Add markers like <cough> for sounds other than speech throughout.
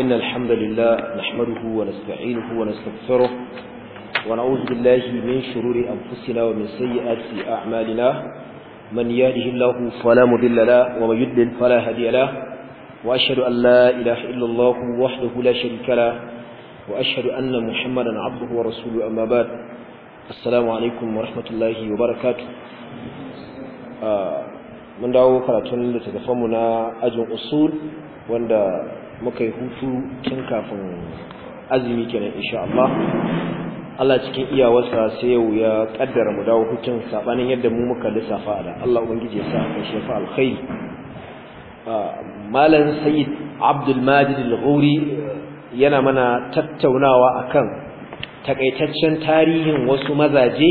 إن الحمد لله نحمده ونستعينه ونستغفره ونعوذ بالله من شرور أنفسنا ومن سيئات أعمالنا من يهده الله فلا مضل له ومن يضلل فلا هادي له وأشهد أن لا إله إلا الله وحده لا شريك له وأشهد أن محمدا عبده ورسوله أما بعد السلام عليكم ورحمة الله وبركاته من دعوه قرأتون لتدفمنا أجل أصول وأن muka yi hutu tun kafin azumi kenan insha Allah Allah cikin iyawarsa sai yau ya kaddara mu dawo hutun sabanin yadda mu muka lissafa da Allah ubangiji ya sa kai shi alkhairi ah, malam sayyid abdul majid al-ghuri yana mana tattaunawa akan takaitaccen tarihin wasu mazaje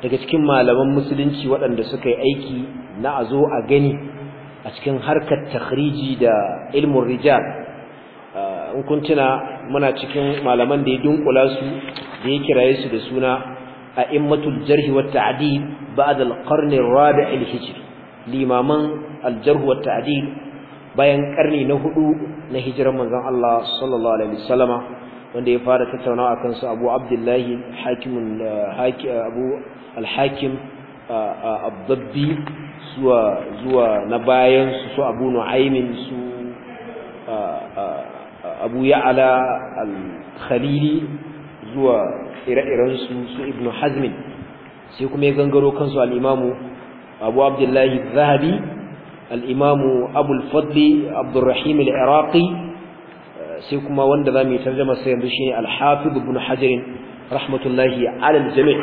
daga cikin malaman musulunci waɗanda suka yi aiki na azo a gani a cikin harkar takhriji da ilmin rijal in muna cikin malaman da ya dunkula su da ya kiraye su da suna a'immatul jarh wa ta'dil ba'd al-qarn rabi al limaman al-jarh wa bayan karni na hudu na hijira manzon Allah sallallahu alaihi wasallama wanda ya fara tattaunawa akan su Abu Abdullahi Hakim Abu al-Hakim abdabbi zuwa zuwa na bayan su Abu Nu'aymin su abu ya'ala al-khalili zuwa ire-iren su su ibnu hazmin sai kuma ya gangaro kansu al-imamu abu abdullahi zahabi al-imamu abul fadli Rahim al-iraqi sai kuma wanda za mu tarjama sai yanzu shine al-hafiz ibn hajar rahmatullahi ala al-jami'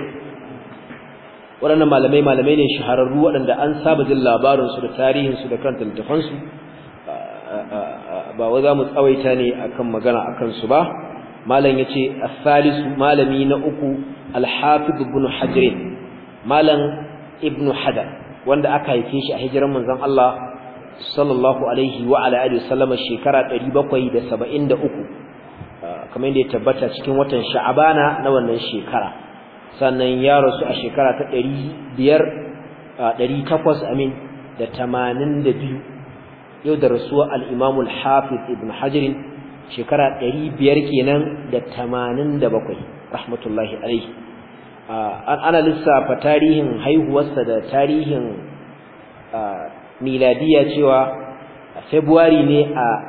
waɗannan malamai malamai ne shahararru waɗanda an saba jin labarinsu da tarihinsu da kan littafansu ba wai za mu tsawaita ne akan magana akan su ba malam yace as-salisu malami na uku al-hafiz ibn malam ibn hajar wanda aka haife shi a hijiran manzon Allah sallallahu alaihi wa ala alihi wasallama shekara 773 ah, kamar yadda ya tabbata cikin watan sha'abana na wannan shekara sannan ya rasu a shekara ta 500 800 ah, amin da 82 yau da rasuwa alimamul hafiz Ibn hajjirin shekara 500 kenan da 87 rahmatullahi an ana lissafa tarihin haihuwarsa da tarihin miladiya cewa February ne a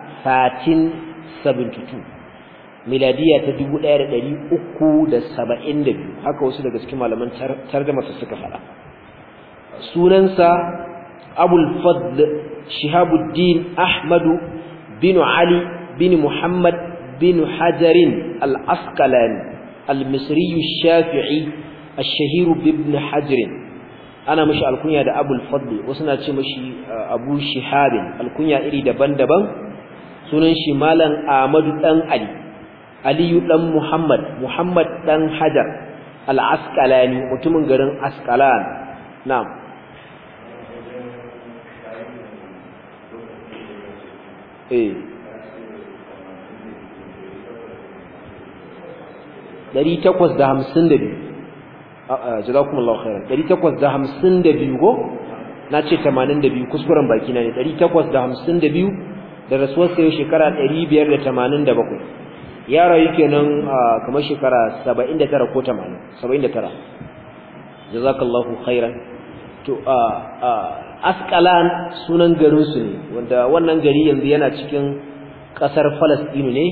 1372 miladiya ta 1372 haka wasu daga cikin malaman tarjuma su suka faɗa, sunansa abul fadl shihabuddin ahmadu bin ali bin muhammad bin hajarin al-asqalani al-misri shafii al-shahir hajarin ana mashi alkunya da abul fadli wasu na ce mashi uh, abu shihabin alkunya iri daban-daban sunan shi malam ahmadu dan ali aliyu dan muhammad muhammad dan hajar al-asqalani mutumin garin asqalan nam. Eh. takwas da hamsin da biyu na ce tamanin kuskuren baki na ne 852 da hamsin da rasuwar shekara 587 ya rayu kenan kamar shekara saba'in ko tamanin saba'in jazakallahu khairan to a asqalan sunan garin su ne wanda wannan gari yanzu yana cikin kasar Palestine ne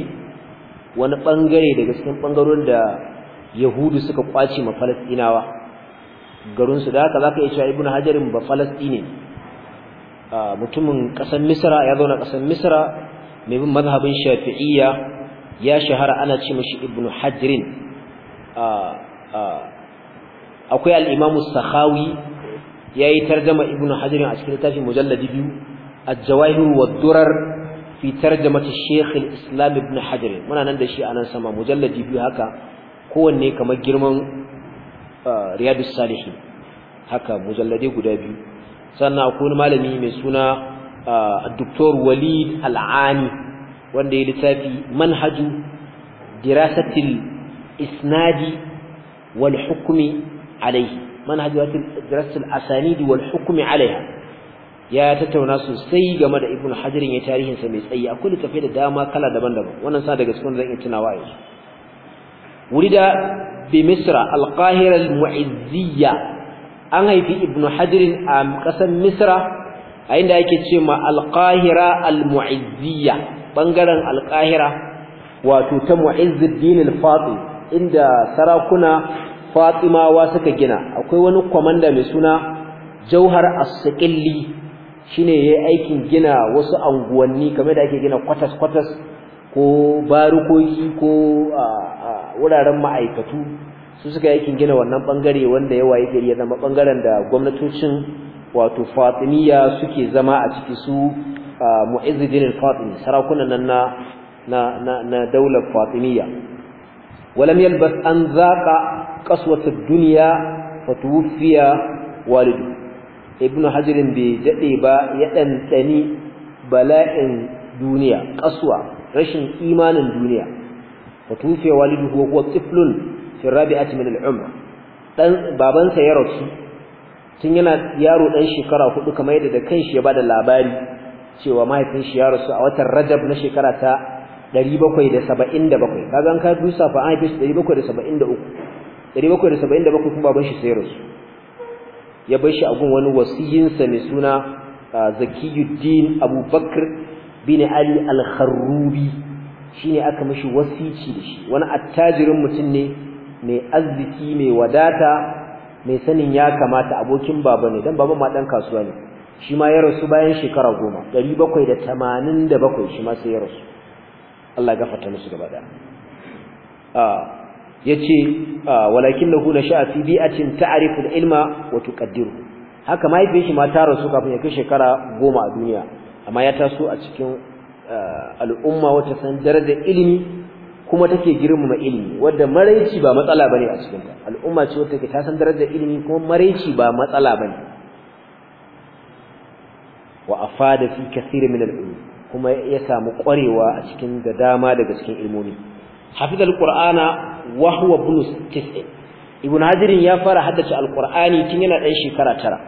wani bangare daga cikin bangarorin da Yahudu suka kwace ma Palestinawa garin su da haka zaka iya cewa Ibn Hajarin ba Falasɗini. mutumin kasar Misra ya zauna kasar Misra mai bin mazhabin Shafi'iyya ya shahara ana ce mashi Ibn Hajarin akwai al-Imam Sakhawi yayi tarjuma ibnu hajar a cikin littafin mujalladi biyu الجواهر wadurar fi tarjama الشيخ islam ابن حجر muna nan da shi anan sama mujalladi biyu haka kowanne kamar girman uh, riyadus salihin haka mujalladi guda biyu sannan akwai malami mai suna uh, Dr. Walid Al'ani wanda ya littafi manhaju dirasatil isnadi wal hukmi alaihi manhaj wato darasul asanidi wal hukmi alaiha ya tattauna sosai game da ibnu hajarin ya tarihin sa mai tsayi akwai littafai da dama kala daban-daban wannan sa daga cikin zan iya tunawa yanzu wurida bi misra al qahira al an haifi ibnu hajarin a kasar misra a inda ake ce ma alƙahira al-mu'izziya ɓangaren alƙahira wato ta mu'izzuddin al-fatu inda sarakuna fatimawa suka gina akwai wani komanda mai suna jauhar as sikilli shine yayi aikin gina wasu anguwanni kamar da ake gina kwatas kwatas ko barukoki ko wuraren ma'aikatu su suka aikin gina wannan bangare wanda ya waye gari ya zama bangaren da gwamnatocin wato fatimiyya suke zama a ciki su mu'izzuddin fatimi sarakunan nan na na na daular fatimiyya ولم يلبث أن ذاق قسوة الدنيا فتوفي والده ابن حجر بجئبا يأنتني بلاء دنيا قسوة رشن إيمان دنيا فتوفي والده وهو طفل في الرابعة من العمر بابان سيرسي tun yana yaro dan shekara hudu kamar yadda da kanshi ya bada labari cewa mahaifin shi ya rasu a watan Rajab na shekara ta 777 kaga an ka dusa fa an haife 773 777 kuma baban shi sai rasu ya bar shi a gun wani wasiyinsa mai suna Zakiyuddin Abubakar bin Ali Al-Kharrubi shine aka mishi wasici da shi wani attajirin mutum ne mai arziki mai wadata mai sanin ya kamata abokin baba ne dan baba ma dan kasuwa ne shi ma ya rasu bayan shekara goma 787 shi ma sai ya rasu Allah ya gafarta musu gaba da, ah yace walakinahu la sha'a fi bi'atin ta'rifu al-ilma wa tuqaddiru haka bin shi ma ta rasu kafin ya kai shekara goma a duniya amma ya taso a cikin al'umma wacce san darajar ilimi kuma take girmama ilimi wanda maraici ba matsala bane a cikin ta al'umma ce wacce ta san darajar ilimi kuma maraici ba matsala bane wa afada fi kathir min al-ulum kuma ya samu ƙwarewa a cikin da dama daga cikin ilmomi hafiz alqur'ana wa huwa bulus tis'in ibn hazirin ya fara haddace alqur'ani tun yana ɗan shekara tara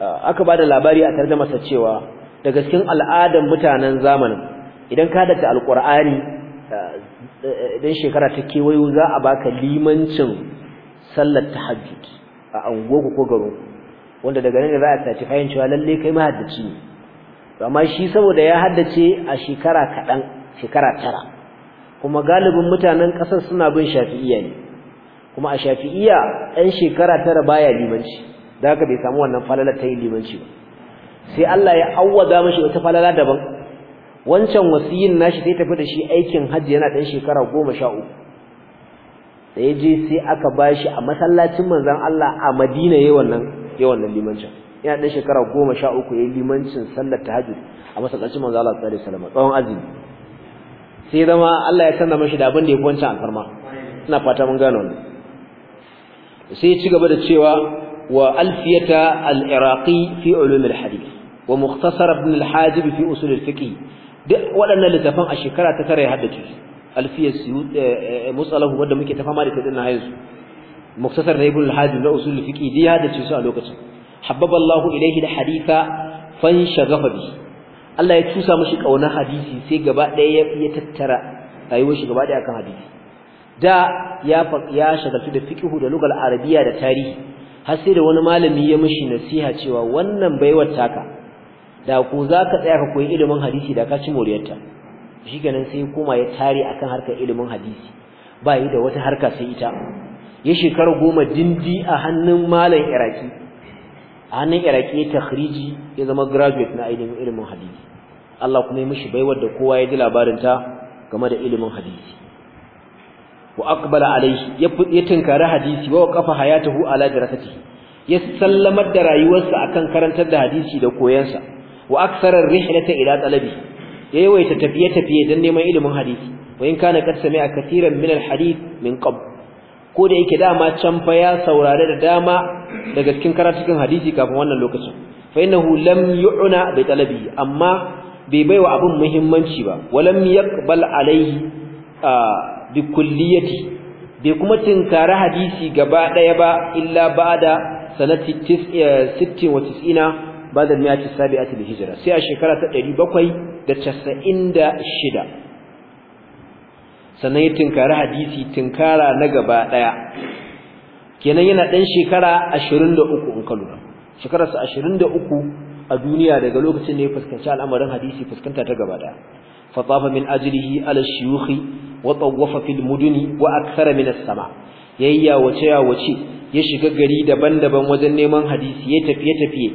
ah, aka bada labari a tare da sa cewa daga cikin al'adan mutanen zamanin idan ka haddace alqur'ani ah, idan shekara ta kewayo za a baka limancin sallar tahajjud a anguwa ko garo wanda daga nan za a certify cewa lallai kai mahaddaci ne amma shi saboda ya haddace a shekara kadan shekara tara kuma galibin mutanen ƙasar suna bin shafi'iyya ne kuma a shafi'iyya ɗan shekara tara baya limanci da haka bai samu wannan falala ta yi limanci ba sai Allah ya awwada mashi wata falala daban wancan wasiyin nashi sai tafi da shi aikin hajji yana ɗan shekara goma sha uku da ya je sai aka ba shi a masallacin manzon Allah a Madina yayin wannan limancin yana da shekara goma sha uku ya yi limancin sallar tahajjud a masallacin manzo Allah sallallahu alaihi wasallam tsawon azumi sai zama Allah ya sanna mashi da abin da ya kwanta farma. ina fata mun gano ne. sai ya ci gaba da cewa wa alfiyata al-iraqi fi ulum al-hadith wa mukhtasar ibn al-hajib fi usul al-fiqh duk waɗannan littafan a shekara ta tara tare haddace alfiyar eh, musalahu wanda muke ta fama da ta dinnan haizu mukhtasar na ibn al-hajib na usul al-fiqh dai haddace su a lokacin Habbaballahu Allahu ilaihi da haditha fan shagafa bi Allah ya tusa mashi kauna hadisi sai gaba ɗaya ya tattara rayuwar shi gaba ɗaya akan hadisi da ya ya shagaltu da fiqhu da lugal arabiya da tarihi har sai da wani malami ya mishi nasiha cewa wannan baiwar taka da ku zaka tsaya ka koyi ilimin hadisi da ka ci moriyarta shikenan sai koma ya tare akan harkar ilimin hadisi ba yi da wata harka sai ita ya shekara goma dindi a hannun malam iraki a hannun iraki ya takhriji ya zama graduate na ainihin ilimin hadisi Allah kuma ya mishi baiwar da kowa ya ji labarin ta game da ilimin hadisi wa aqbala alayhi ya tinkari hadisi wa kafa hayatahu ala dirasati ya sallamar da rayuwarsa akan karantar da hadisi da koyonsa. wa aksara rihlata ila talabi ya yawaita tafiye tafiye don neman ilimin hadisi wa in kana qad sami'a katiran min al-hadith min qabl ko da yake dama can fa ya saurare da dama daga cikin cikin hadisi kafin wannan lokacin fa innahu lam yu'na bi talabi amma bai baiwa abin muhimmanci ba walam yaqbal alaihi bi kulliyati bai kuma tinkari hadisi gaba daya ba illa ba'da sanati 96 eh, ba'da mi'ati sabi'ati bi hijra sai a shekara ta 796 sannan ya tinkari hadisi tinkara na gaba daya kenan yana dan shekara 23 in ka lura shekararsa 23 a duniya daga lokacin da ya fuskanci al'amarin hadisi fuskanta ta gaba daya fatafa min ajlihi ala shuyukh wa tawafa fil muduni wa min as-sama yayya wace ya wace ya shiga gari daban-daban wajen neman hadisi ya tafiye tafiye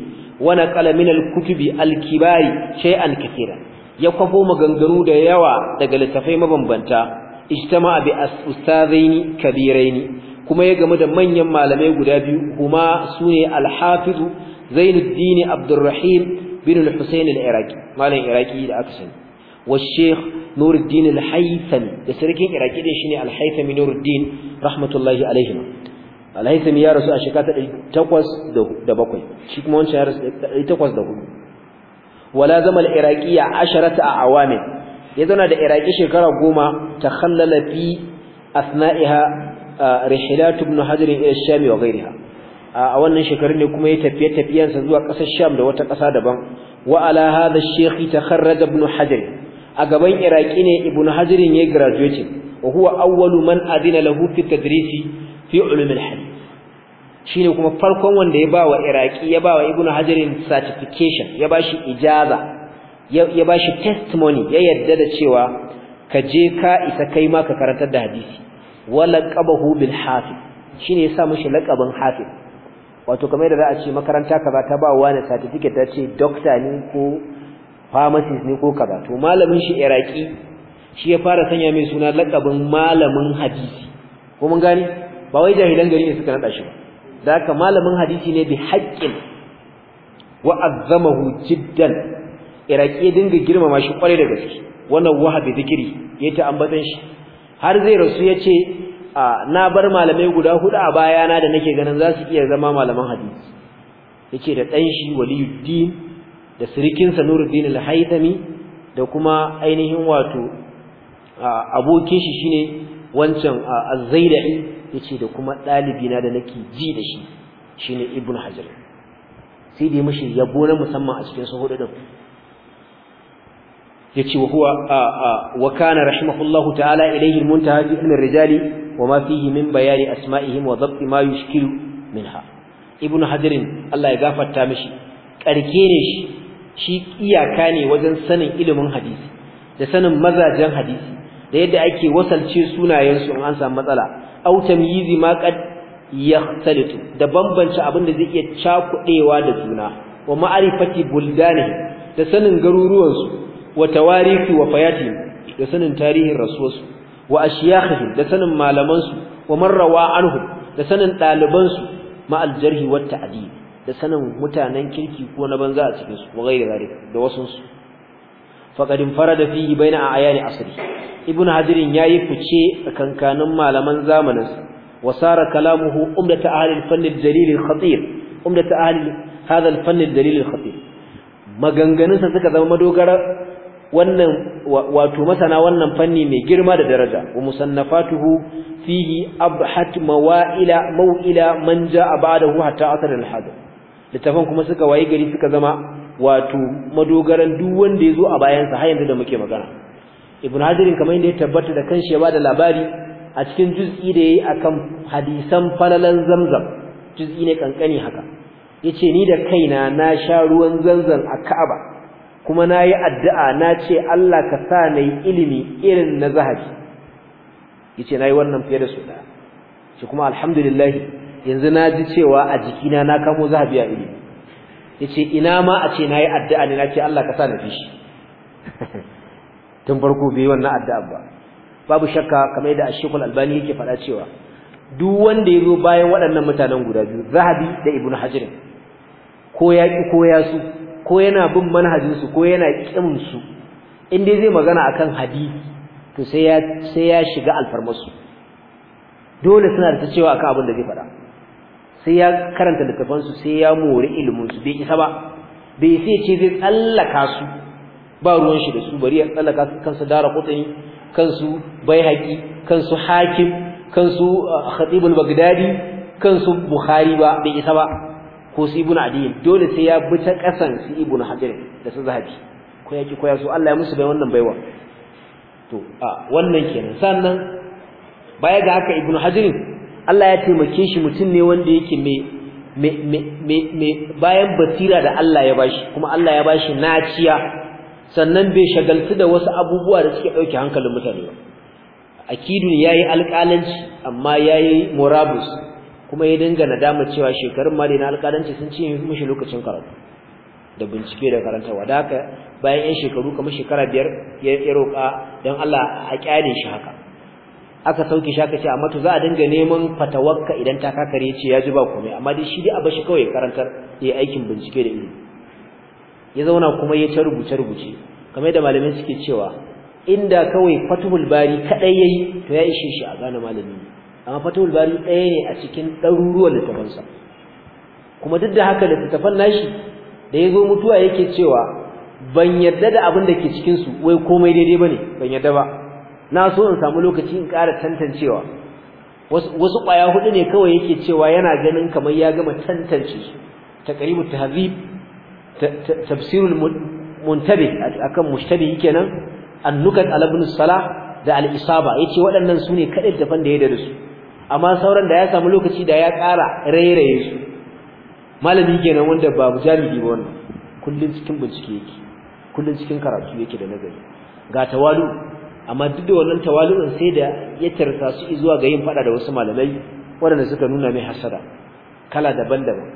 wa naqala min al-kutubi al-kibari shay'an katira ya kwafo maganganu da yawa daga littafai mabambanta ijtama bi ustazaini kabiraini kuma ya gamu da manyan malamai guda biyu kuma sune al-hafiz Zainuddin Abdurrahim bin al-Husayn al-Iraqi malam Iraqi da aka sani wa Sheikh Nuruddin al-Haythami da sarkin Iraqi din shine al-Haythami Nuruddin rahmatullahi alaihim al-Haythami ya rasu a shekara ta 807 shi kuma wancan ya rasu 804 wala zama al-Iraqiyya a awamin ya zauna da Iraqi shekara 10 takhallala fi asna'iha rihilatu ibn hajar ila sham wa ghayriha a wannan shekarun ne kuma ya tafiye sa zuwa ƙasar sham da wata ƙasa daban wa ala hadha ash-shaykh takharraja ibn hajar a gaban iraki ne ibn hajar ya graduate wa huwa awwalu man adina lahu fi tadrisi fi ulum al-hadith shine kuma farkon wanda ya ba wa iraki ya bawa ibn hajar certification ya bashi ijaza ya bashi testimony ya yadda da cewa ka je ka isa kai ma ka karantar da hadisi walaqabahu bil hafiz shine yasa mishi laqabin hafiz wato kamar da za a ce makaranta kaza ta ba wani certificate ta ce doctor ne ko pharmacist ne ko kaza to malamin shi iraki shi ya fara sanya mai suna laqabin malamin hadisi ko mun gane ba wai jahilan gari ne suka nada shi ba da haka malamin hadisi ne bi haqqin wa azzamahu jiddan iraki ya dinga girmama shi kwarai da gaske wannan wahabi zikiri yayi ta ambatan shi har zai rasu ya ce na bar malamai guda hudu a bayana da nake ganin za su iya zama malaman hadisi ce da ɗan shi waliyuddin da sirikinsa nuruddin alhaitami da kuma ainihin wato abokin shi shine wancan az ya ce da kuma ɗalibina da nake ji da shi shine ibn hajar sai dai mishi yabo na musamman a cikin su hudu din yace wa huwa wa kana rahimahullahu ta'ala ilayhi al-muntaha fi na ar-rijali wa ma fihi min bayani asma'ihim wa dhabt ma yushkilu minha ibnu hadirin Allah ya gafarta mishi karke ne shi shi iyaka ne wajen sanin ilimin hadisi da sanin mazajen hadisi da yadda ake wasalce sunayen su an samu matsala au tamyizi ma qad yaxtalitu da bambance abin da zai iya cakudewa da juna wa ma'arifati buldani da sanin garuruwan su wa tawarithi wa fayatihim da sanin tarihin rasuwarsu wa ashiyakhihim da sanin malamansu wa Marrawa rawa da sanin dalibansu ma aljarhi wa ta'dil da sanin mutanen kirki ko na banza a cikin su wa ghairi zalik da wasun su faqad infarada fihi baina ayani asri ibnu hadirin yayi fice tsakankanin malaman zamanin sa wa sara kalamuhu umdat ahli al-fann al-jalil al ahli hadha al-fann al-jalil al maganganunsa suka zama madogara wannan wato masana wannan fanni mai girma da daraja wa musannafatuhu fihi abhat mawaila mawila man jaa ba'dahu hatta athar al littafan kuma suka waye gari suka zama wato madogaran duk wanda yazo a bayan sa har yanzu da muke magana ibn Hadirin kamar inda ya tabbata da kanshi ya bada labari a cikin juz'i da yayi akan hadisan falalan zamzam juz'i ne kankani haka yace ni da kaina na sha ruwan zanzan a Ka'aba kuma na yi addu'a na ce Allah ka sa na yi ilimi irin na zahabi ya ce na yi wannan fiye da su ce kuma alhamdulillah yanzu na ji cewa a jikina na kamo zahabi a ilimi ya ce ina ma a ce na yi addu'a ne na ce Allah ka sa na fi <laughs> tun farko bai wannan addu'a ba babu shakka kamar yadda ashekul albani yake faɗa cewa duk wanda ya zo bayan waɗannan mutanen guda biyu zahabi da ibnu hajar ko ya ko ya su ko yana bin manhajinsu ko yana ƙinsu in dai zai magana akan hadisi to sai ya sai ya shiga alfarmasu dole suna da cewa akan abin da zai faɗa sai ya karanta littafansu sai ya mori iliminsu bai isa ba bai sai ce zai tsallaka su ba ruwan shi da su bari ya tsallaka su kansu dara kutani kansu baihaqi kansu hakim kansu uh, khatibul bagdadi kansu bukhari ba bai isa ba ko su ibnu adiyin dole sai ya bi ta kasan su ibnu hajar da su zahabi ko ya ki ko ya so Allah ya musu bai wannan baiwa to a wannan kenan sannan baya ga haka ibnu hajar Allah ya taimake shi mutum ne wanda yake me bayan basira da Allah ya bashi kuma Allah ya bashi ciya sannan bai shagaltu da wasu abubuwa da suke dauke hankalin mutane ba akidun yayi alƙalanci amma yayi morabus. kuma ya dinga nadama cewa shekarun ma na alƙalanci sun ci mishi lokacin karatu da bincike da karantawa. da haka bayan yan shekaru kamar shekara biyar ya roƙa don Allah a kyale shi haka aka sauke shi aka ce amma to za a dinga neman fatawakka idan ta kakare ce ya ji ba komai amma dai shi dai a bashi kawai karantar ya aikin bincike da ilimi ya zauna kuma ya ta rubuce rubuce kamar da malamin suke cewa inda kawai fatuhul bari kadai yayi to ya ishe shi a gane malami amma fatul bari ɗaya ne a cikin ɗaruruwan littafansa kuma duk da haka littafan nashi da ya zo mutuwa yake cewa ban yarda da abin da ke cikinsu wai komai daidai ba ne ban yarda ba na so in samu lokaci in ƙara tantancewa wasu ƙwaya hudu ne kawai yake cewa yana ganin kamar ya gama tantance su taqribu tafsirul akan mushtabi kenan annukat ala ibn da al’isaba ya ce waɗannan su ne kaɗai dafan da ya da su amma sauran da ya samu lokaci da ya ƙara rairaye su malami kenan wanda babu jami'i ba wannan kullun cikin bincike yake kullun cikin karatu yake da nazari ga tawalu amma duk da wannan tawalu'in sai da ya tarsa su zuwa ga yin fada da wasu malamai waɗanda suka nuna mai hasada kala daban-daban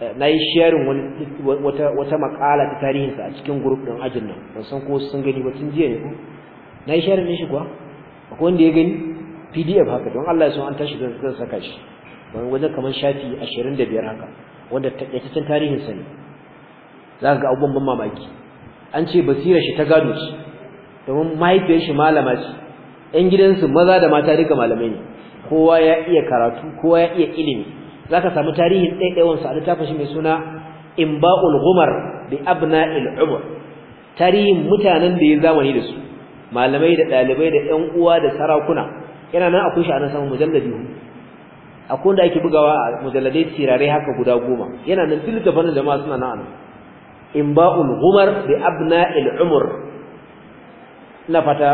eh, na yi sharing wani wata wata makala ta tarihinsa a cikin group din ajin nan ban san ko sun gani ba tun jiya ne ko na yi sharing ne shi kuwa akwai wanda ya gani pdf haka don Allah ya so an tashi da zan saka shi wani wajen kamar shafi 25 haka wanda takaitaccen tarihin sa ne za ka ga abubuwan mamaki an ce basira shi ta gado shi domin mahaifiyar shi malama ce yan gidansu maza da mata duka malamai ne kowa ya iya karatu kowa ya iya ilimi zaka samu tarihin ɗaiɗaiwan sa a littafin shi mai suna imba'ul ghumar bi abna'il umar tarihin mutanen da ya zamani da su malamai da ɗalibai da ƴan uwa da sarakuna yana nan akwai shi a nan saman mujalladi akwai wanda ake bugawa a mujalladai tirare haka guda goma yana nan duk da fannin jama'a suna nan in ba'ul ghumar bi abna'il umur na fata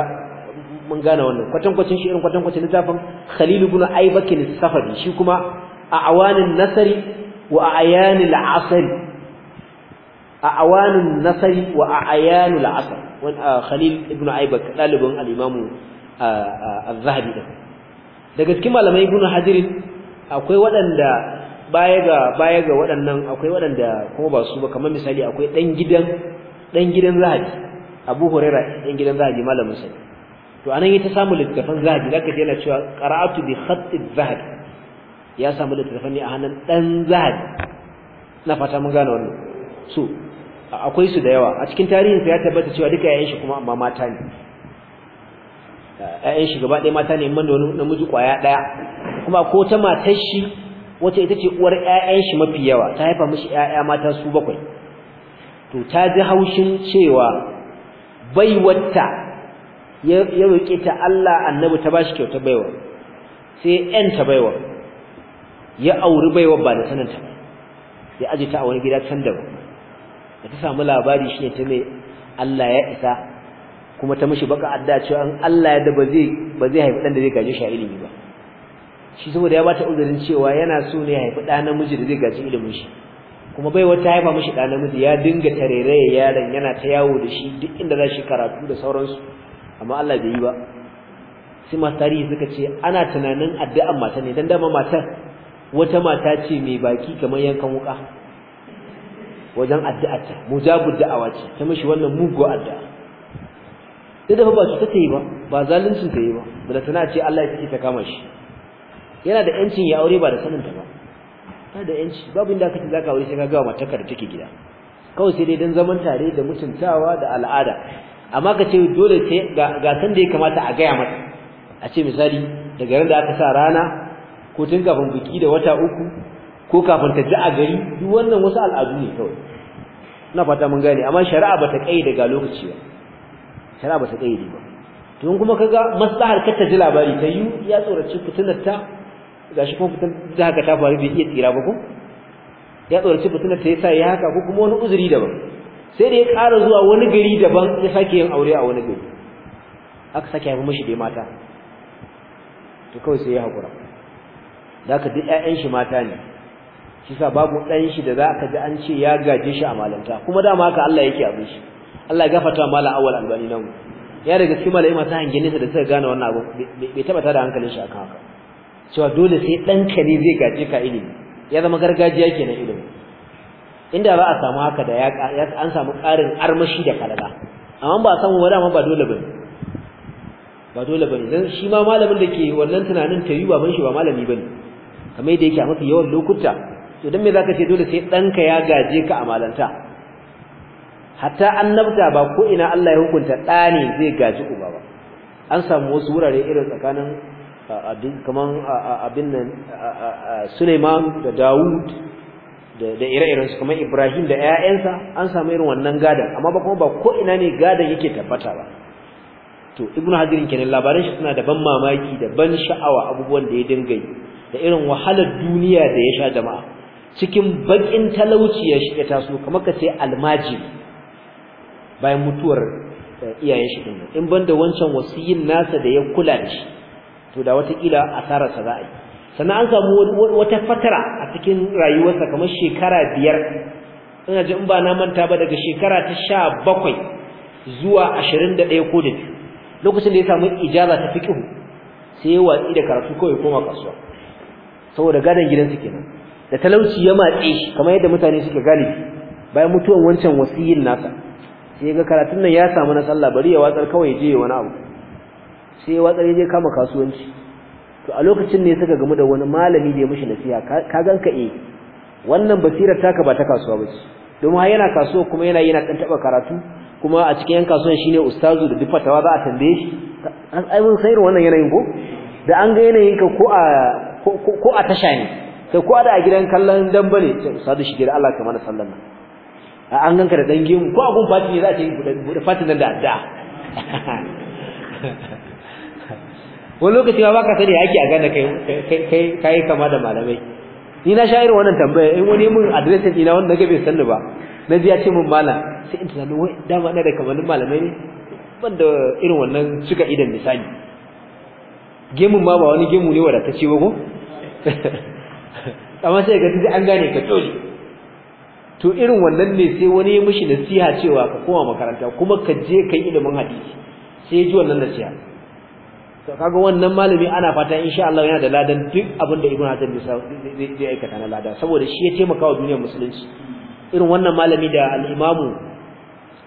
mun gane wannan kwacin shi irin kwacin littafin Khalil ibn Aybakin Safadi shi kuma a awanin nasari wa ayanil asri a awanin nasari wa ayanil asr wani Khalil ibn Aybak dalibin al-Imam al zahabi din daga cikin malamai ibn hadirin akwai waɗanda baya ga baya ga waɗannan akwai wadanda kuma ba su ba kamar misali akwai dan gidan dan gidan zahabi abu huraira dan gidan zahabi malamin sa to anan yi ta samu littafin zahabi zaka ji yana cewa qara'atu bi khatt zahabi ya samu littafin ne a hannun dan zahabi na fata mun gane wannan so akwai su da yawa a cikin tarihin sa ya tabbata cewa duka yayin shi kuma amma mata ne ƴaƴan shi gaba ɗaya mata ne da wani namiji kwaya ɗaya kuma ko ta matar shi wacce ita ce uwar ƴaƴan shi mafi yawa ta haifa mishi ƴaƴa mata su bakwai to ta ji haushin cewa baiwarta ya roƙe ta Allah annabi ta bashi kyauta baiwa sai ƴan ta baiwa ya auri baiwa ba da sananta ya aje ta a wani gida can da ba ta samu labari shine ta mai Allah ya isa kuma ta mishi baka adda cewa in Allah ya da ba zai ba zai haifi dan da zai gaji shi ilimi ba shi saboda ya bata uzurin cewa yana so ne ya haifi da namiji da zai gaji ilimin shi kuma bai wata haifa mishi da namiji ya dinga tareraye yaron yana ta yawo da shi duk inda za shi karatu da sauransu amma Allah bai yi ba sai masu suka ce ana tunanin addu'an mata ne dan dama matar wata mata ce mai baki kamar yankan wuka wajen addu'arta mujabud da'awa ce ta mishi wannan mugu addu'a Sai da ba cuta ta yi ba ba zaluncin ta yi ba da tana ce Allah ya ta kama shi yana da yancin ya aure ba da sanin ba ta da yanci babu inda kake zaka aure sai ka ga matarka da take gida kawai sai dai dan zaman tare da mutuntawa da al'ada amma ka ce dole sai ga san da ya kamata a gaya mata a ce misali daga ran da aka sa rana ko tun kafin biki da wata uku ko kafin ta ji a gari duk wannan wasu al'adu ne kawai ina fata mun gane amma shari'a bata kai daga lokaci ba shara ba ta kayyade ba tun kuma kaga maslahar ka ta ji labari ta yi ya tsoraci fitinar ta gashi kuma fitin da haka ta faru bai iya tsira ba ko ya tsoraci fitinar ta yasa ya haka ko kuma wani uzuri daban sai da ya ƙara zuwa wani gari daban ya sake yin aure a wani gari aka sake haifa mishi dai mata to kawai sai ya hakura da ka duk ƴaƴan shi mata ne shi sa babu ɗan shi da za ka ji an ce ya gaje shi a malanta kuma dama haka Allah yake abin shi Allah ya gafarta mala awwal albani nan ya daga cikin malai masu hangen nesa da suka gane wannan abu bai taba tada hankalin shi akan haka cewa dole sai ɗanka ne zai gaje ka ilimi ya zama gargajiya kenan ilimi inda ba a samu haka da ya an samu ƙarin armashi da kalaba amma ba san samu ba dama ba dole bane ba dole bane dan shi ma malamin da ke wannan tunanin ta yi ba ban shi ba malami bane kamar yadda yake a mafi yawan lokuta to dan me zaka ce dole sai ɗanka ya gaje ka a malanta hatta annabta ba ko ina Allah ya hukunta ɗa zai gaji uba ba an samu wasu wurare irin tsakanin kaman abin nan Suleiman da Dawud da ire-iren su kamar Ibrahim da ƴaƴansa an samu irin wannan gadan amma ba kuma ba ko ina ne gadan yake tabbata ba to Ibn Hajar kenan labaran shi suna da ban mamaki da ban sha'awa abubuwan da ya dinga yi da irin wahalar duniya da ya sha jama'a cikin bakin talauci ya shiga taso kamar ka ce almajiri bayan mutuwar eh, iyayen shi din in banda wancan wasiyin nasa da ya kula da shi to da watakila asararsa za a yi sannan an samu wata fatara a cikin rayuwarsa kamar shekara biyar ina ji in ba na manta ba daga shekara ta sha bakwai zuwa ashirin da ɗaya ko da biyu lokacin da ya samu ijaza ta fiƙihu sai ya watsi da karatu kawai koma kasuwa saboda gadon gidansu kenan da talauci ya matse shi kamar yadda mutane suke galibi bayan mutuwan wancan wasiyin nasa sai ga karatun nan ya samu na sallah bari ya watsar kawai je wani abu sai ya watsar ya je kama kasuwanci to a lokacin ne suka gamu da wani malami da ya mishi nasiha ka ganka eh wannan basirar taka ba ta kasuwa ba ce domin har yana kasuwa kuma yana yana dan taba karatu kuma a cikin yan kasuwan shine ustazu da dufatawa za a tambaye shi an ai mun sayar wannan yanayin ko da an ga yanayin ka ko a ko a tasha ne sai ko da a gidan kallon dambale sai ustazu shi da Allah ka sallan nan an ganka da dangin ko a gun fati ne za a ce bude fatin nan da adda wani lokaci ba ka sani yake a gane kai kai kai kama da malamai ni na sha'ir wannan tambaya in wani mun address din na wanda gabe sanni ba na ji ya ce mun malam sai in tunani wai dama na da kamar malamai ne ban da irin wannan suka idan misali gemu ma ba wani gemu ne wadatacce ba ko <laughs> amma sai ga an gane ka tsoli to irin wannan ne sai wani ya mishi nasiha cewa ka koma makaranta kuma ka je kai ilimin hadisi sai ya ji wannan nasiha to kaga wannan malami ana fata insha Allah yana da ladan duk abin da Ibn Hazm zai aikata na lada saboda shi ya taimaka wa duniyar musulunci irin wannan malami da al imamu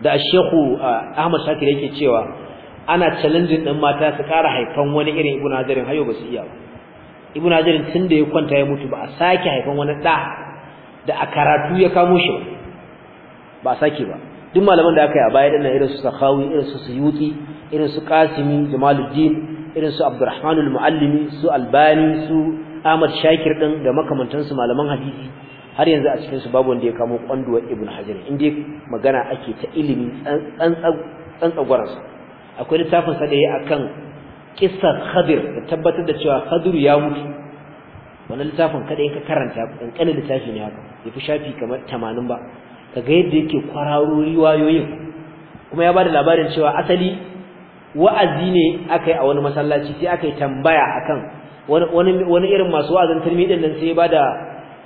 da Sheikh Ahmad Shakir yake cewa ana challenging din mata su kara haifan wani irin Ibn Hazm har yau ba su iya ba Ibn Hazm tun da ya kwanta ya mutu ba a sake haifan wani da da a karatu ya kamo shi ba sake ba duk malaman da aka yi a baya dinnan irin su Sakhawi irin su Suyuti irin su kasimi Jamaluddin irin su Abdurrahman al su Albani su Ahmad Shakir din da makamantansu malaman hadisi har yanzu a cikin su babu wanda ya kamo kwanduwar Ibn Hajar inda magana ake ta ilimi tsantsagwaran akwai littafin sa da yayi akan kissar Khadir da tabbatar da cewa Khadir ya mutu wannan littafin kada in ka karanta kankanin littafi ne haka ya fi shafi kamar tamanin ba kaga yadda yake kwararo riwayoyin kuma ya ba da labarin cewa asali wa'azi ne aka yi a wani masallaci sai aka yi tambaya akan wani wani irin masu wa'azin tarmidin nan sai ya bada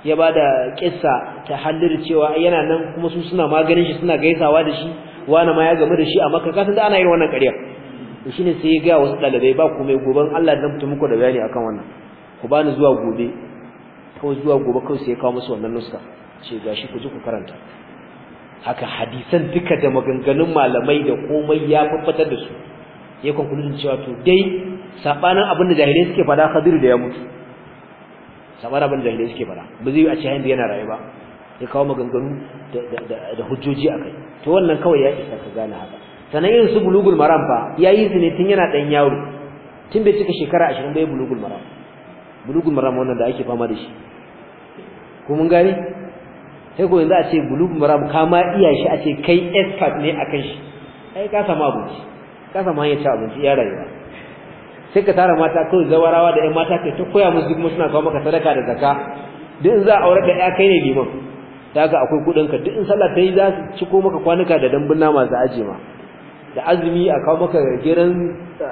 ya bada kissa ta hallir cewa yana nan kuma su suna maganin shi suna gaisawa da shi wani ma ya gamu da shi a makka kasan da ana yin wannan kariya. shine sai ya ga wasu ɗalibai ba komai goban Allah ya mutum muku da bayani akan wannan ku bani zuwa gobe kawai zuwa gobe kawai sai ya kawo musu wannan nuska ce gashi ku ji ku karanta haka hadisan duka da maganganun malamai da komai ya fafatar da su ya konkulun cewa to dai sabanin abin da jahilai suke fada Khadir da ya mutu sabanin abin da jahilai suke fada ba zai yi a ce hayin da yana rayuwa ya kawo maganganu da hujjoji a kai to wannan kawai ya isa ka gane haka sannan irin su bulugul maram fa ya su ne tun yana ɗan yaro tun bai cika shekara 20 bai bulugul maram bulugun marama wannan da ake fama da shi ko mun gane sai ko yanzu a ce bulugun marama kama iya shi a ce kai expert ne akan shi ai ka samu abinci ka samu hanyar ci abinci ya rayuwa sai ka tara mata kawai zawarawa da 'yan mata kai ta koya musu kuma suna kawo maka sadaka da zakka duk in za a aure da ya kai ne liman ta ga akwai ka duk in sallah ta yi za su ciko maka kwanuka da dambun nama za a je ma da azumi a kawo maka gidan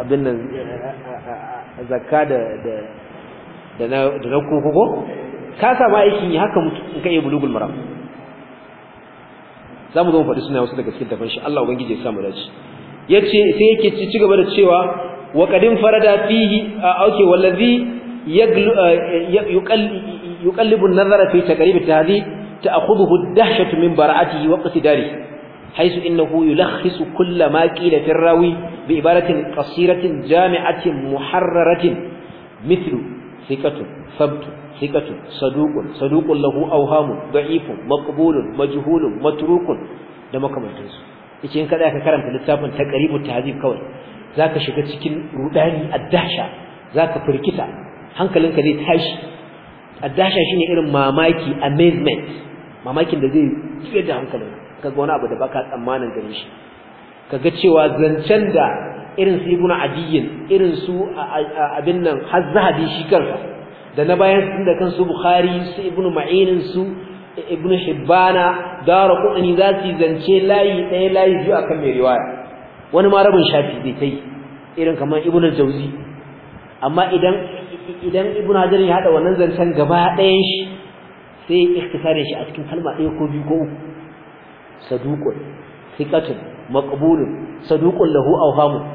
abin nan zakka da da na da na kokoko ka samu aikin yi haka mutu in ka yi bulugul maram za mu zo mu faɗi suna wasu daga cikin tafan shi Allah ubangiji ya samu dace Ya ce sai yake ci gaba da cewa wa qadim farada fihi auke wallazi yuqallibu an-nazara fi taqrib at-tahdhi ta'khudhuhu ad-dahshatu min bara'atihi wa qtidarihi حيث إنه يلخص كل ما قيل في الراوي بعبارة قصيرة جامعة محررة مثل ثقة sabtu ثقة صدوق صدوق lahu أوهام ضعيف مقبول مجهول متروك da makamantansu yace in kada ka karanta littafin taqribut tahzib kawai zaka shiga cikin rudani addasha zaka firkita hankalinka zai tashi addasha shine irin mamaki amazement mamakin da zai tsaya da hankalinka kaga wani abu da baka tsammanin gare shi kaga cewa zancen da irin su ibnu adiyin irin su abin nan Zahabi shi kansa da na bayan sun da kansu bukhari su ibnu ma'inin su ibnu hibbana dara qudni za su zance layi ɗaya layi biyu akan mai riwaya wani ma rabin shafi zai kai irin kamar ibnu jauzi amma idan idan ibnu hajar ya hada wannan zancen gaba ɗayan shi sai ikhtisare shi a cikin kalma ɗaya ko biyu ko uku Saduqul thiqatun maqbulun saduqul lahu awhamun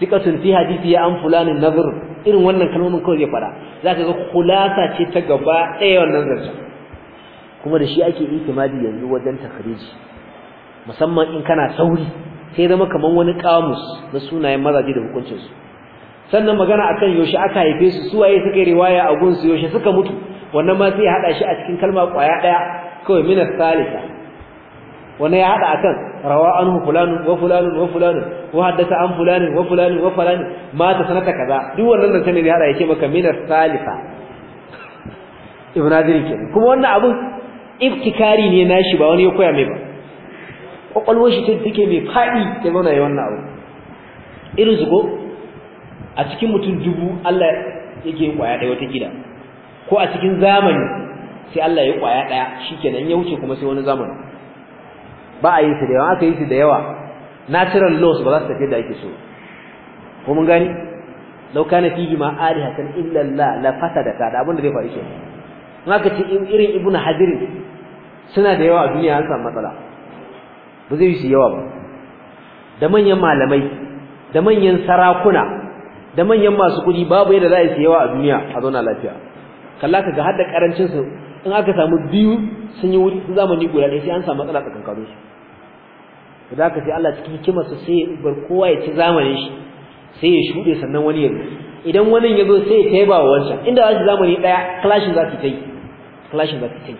thiqatun fi hadisi ya an fulanin nazr irin wannan kalmomin kawai ya fara zaka ga khulasa ce ta gaba ɗaya wannan zancen kuma da shi ake itimadi yanzu wajen takhriji musamman in kana sauri sai zama kaman wani kamus na sunayen mazaje da hukuncinsu sannan magana akan yaushe aka haife su su waye suka yi riwaya a gunsu yaushe suka mutu wannan ma sai ya hada shi a cikin kalma kwaya ɗaya kawai minas salisa wani ya hada akan rawa anhu fulanu wa fulanu wa fulanu wa haddatha an fulani wa fulani wa fulani ma ta sanata kaza duk wannan nan sanin ya hada yake maka minar salifa ibn adir ke kuma wannan abun iftikari ne nashi ba wani ya koya mai ba kwakwalwar shi take mai fadi ke zauna yi wannan abu irin su ko a cikin mutum dubu Allah yake kwaya ɗaya wata gida ko a cikin zamani sai Allah ya kwaya ɗaya shikenan ya wuce kuma sai wani zamani ba a yi su da yawa aka yi su da yawa natural laws ba za su tafi da ake so ko mun gani law kana fihi ma alihatan illa Allah la fasadata da abin da zai faru shi in aka ce irin ibnu hadir suna da yawa a duniya an samu matsala ba zai yi su yawa ba da manyan malamai da manyan sarakuna da manyan masu kuɗi babu yadda za a yi su yawa a duniya a zauna lafiya kalla ka ga har da karancin su in aka samu biyu sun yi zamani guda ɗaya sai an samu matsala tsakankanin su da ka sai Allah cikin hikimarsa sai bar kowa ya ci zamanin shi sai ya shuɗe sannan wani ya zo idan wani ya zo sai ya taiba wa wancan inda za su zamani ɗaya clashin za su kai clashin za su kai.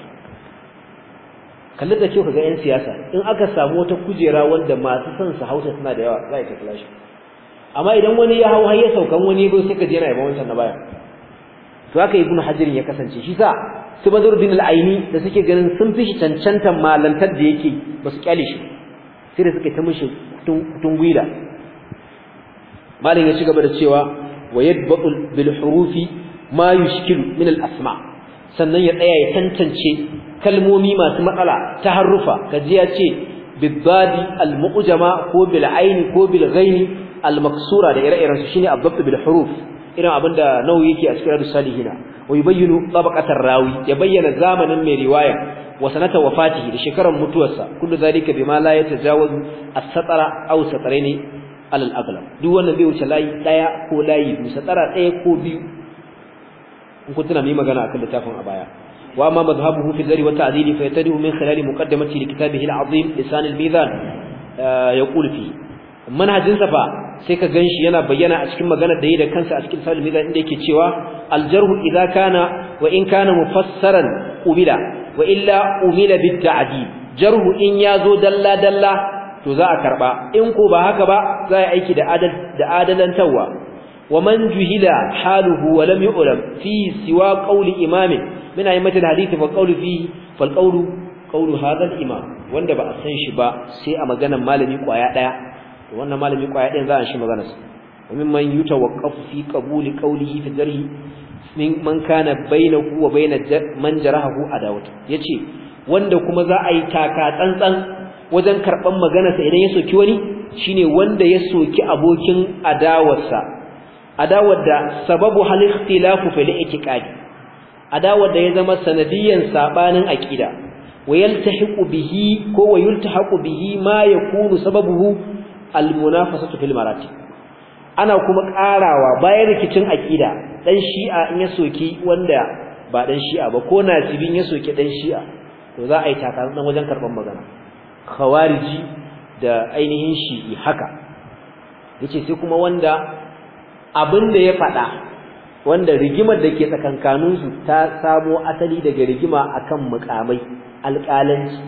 Kallon da kyau kaga 'yan siyasa in aka samu wata kujera wanda masu son su hausa suna da yawa za a ta clashin amma idan wani ya hau har ya saukan wani ya zo sai ka je yana yaba wancan na baya to haka ibn hajirin ya kasance shi sa su badruddin al-aini da suke ganin sun fi shi cancantan malantar da yake ba su kyale shi sai da suka ta mishi kutun gwila malin ya ci gaba da cewa wa yadba'u bil hurufi ma yushkilu min al asma sannan ya tsaya ya tantance kalmomi masu matsala ta harufa kaji ya ce bibadi al mu'jama ko bil aini ko bil ghaini al maksura da ire-iren su shine abdabt bil huruf irin abinda nawawi yake a cikin salihina wa yubayyinu tabaqatar rawi ya bayyana zamanin mai riwaya wa sanata wafatihi da shekarar mutuwarsa kullu zalika bima la yatajawazu as-satara aw sataraini alal aglam duk wannan bai wuce layi daya ko layi biyu satara daya ko biyu in kun tuna mai magana akan littafin a baya wa amma madhhabuhu fi dhari wa ta'dili fa yatadu min khilal muqaddamati li kitabihi al-azim lisan al-mizan eh, yaqul fi manhajinsa fa sai ka ganshi yana bayyana a cikin magana da yi da kansa a cikin sahih mizan inda yake cewa aljarhu idza kana wa in kana mufassaran umila wa illa umila bit ta'dil jarhu in yazo dalla dalla to za a karba in ko ba haka ba za a aiki da adal da adalantawa wa man juhila haluhu wa lam yu'lam fi siwa qawli imam min aymatil hadith wa qawli fi fal qawlu qawlu hadha al imam wanda ba a san shi ba sai a maganar malami kwaya daya to wannan malami kwaya ɗayan za a shi magana su domin man yutawaqqafu fi qabuli kaulihi fi jarhi min man kana bainahu wa bain man jarahu adawat yace wanda kuma za a yi taka tsantsan wajen karban magana sa idan ya soki wani shine wanda ya soki abokin adawarsa adawar da sababu hal ikhtilafu fil i'tiqadi adawar da ya zama sanadiyan sabanin aqida Wayaltahiku bihi ko wayaltahiqu bihi ma yakunu sababuhu almunafasatu fil marati ana kuma karawa bayan rikicin akida dan shi'a in ya soki wanda ba dan shi'a ba ko nasibin ya soki dan shi'a to za a yi takarar dan wajen karban magana khawariji da ainihin shi'i haka yace sai kuma wanda abin da ya faɗa wanda rigimar da ke tsakankaninsu ta samo asali daga rigima akan mukamai alƙalanci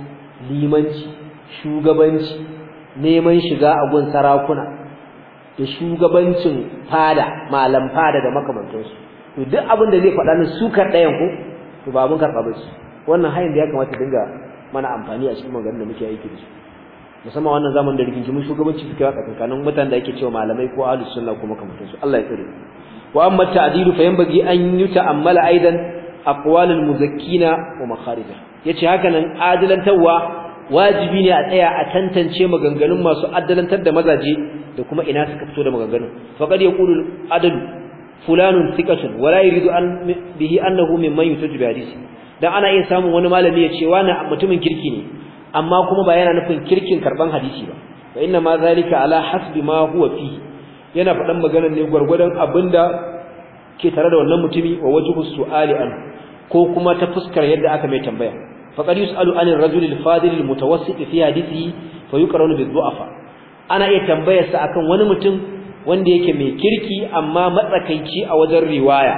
limanci shugabanci neman shiga a gun sarakuna da shugabancin fada malam fada da makamantansu to duk abin da zai faɗa su kar ɗayan ku to ba mun karɓa ba wannan hayin da ya kamata dinga mana amfani a cikin maganganun da muke aiki da su musamman wannan zamanin da rigingimin shugabanci suke a tsakanin mutanen da ake cewa malamai ko ahlus sunna ko makamantansu Allah ya tsare wa amma ta'dilu fa yanbaghi an yuta'ammala aidan aqwalul muzakkina wa makharijah yace haka nan adilantawa wajibi ne a tsaya a tantance maganganun masu addalantar da mazaje da kuma ina suka fito da maganganun faqad yaqulu adalu fulanun thiqatun wala yuridu an bihi annahu mimman yutaju hadisi dan ana iya samun wani malami ya ce wani mutumin kirki ne amma kuma ba yana nufin kirkin karban hadisi ba fa inna ma zalika ala hasbi ma huwa fi yana faɗan maganar ne gwargwadon abinda ke tare da wannan mutumi wa wajhu su'ali an ko kuma ta fuskar yadda aka mai tambaya faqad yus'alu 'anil rajuli al-fadil al-mutawassit fi hadisi fa yuqranu bid-du'afa ana iya tambayar sa akan wani mutum wanda yake mai kirki amma matsakaici a wajen riwaya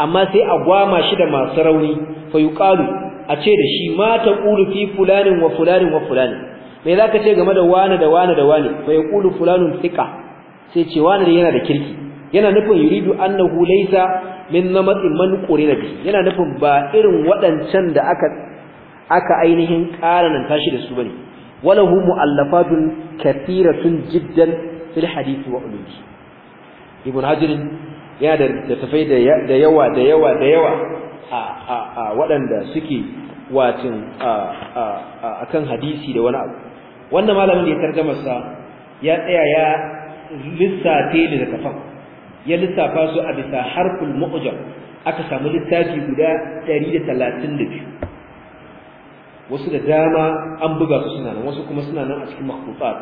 amma sai a gwama shi da masu rauni fa yuqalu a ce da shi ma qulu fi fulanin wa fulanin wa fulanin me zaka ce game da wani da wani da wani fa yaqulu fulanun thiqa sai ce wani yana da kirki yana nufin yuridu annahu laysa min namat man qurina bi yana nufin ba irin waɗancan da aka aka ainihin ƙaranan tashi da su bane walahu mu'allafatun kathiratun jiddan fil hadith wa ulum ibn hajar ya da tafai da yawa da yawa da yawa a a a waɗanda suke watin a a akan hadisi da wani abu wannan malamin da ya targama sa ya tsaya ya lissafe da kafan ya lissafa su a bisa harful mu'jam aka samu littafi guda 132 wasu da dama an buga su suna nan wasu kuma suna nan a cikin mahfufat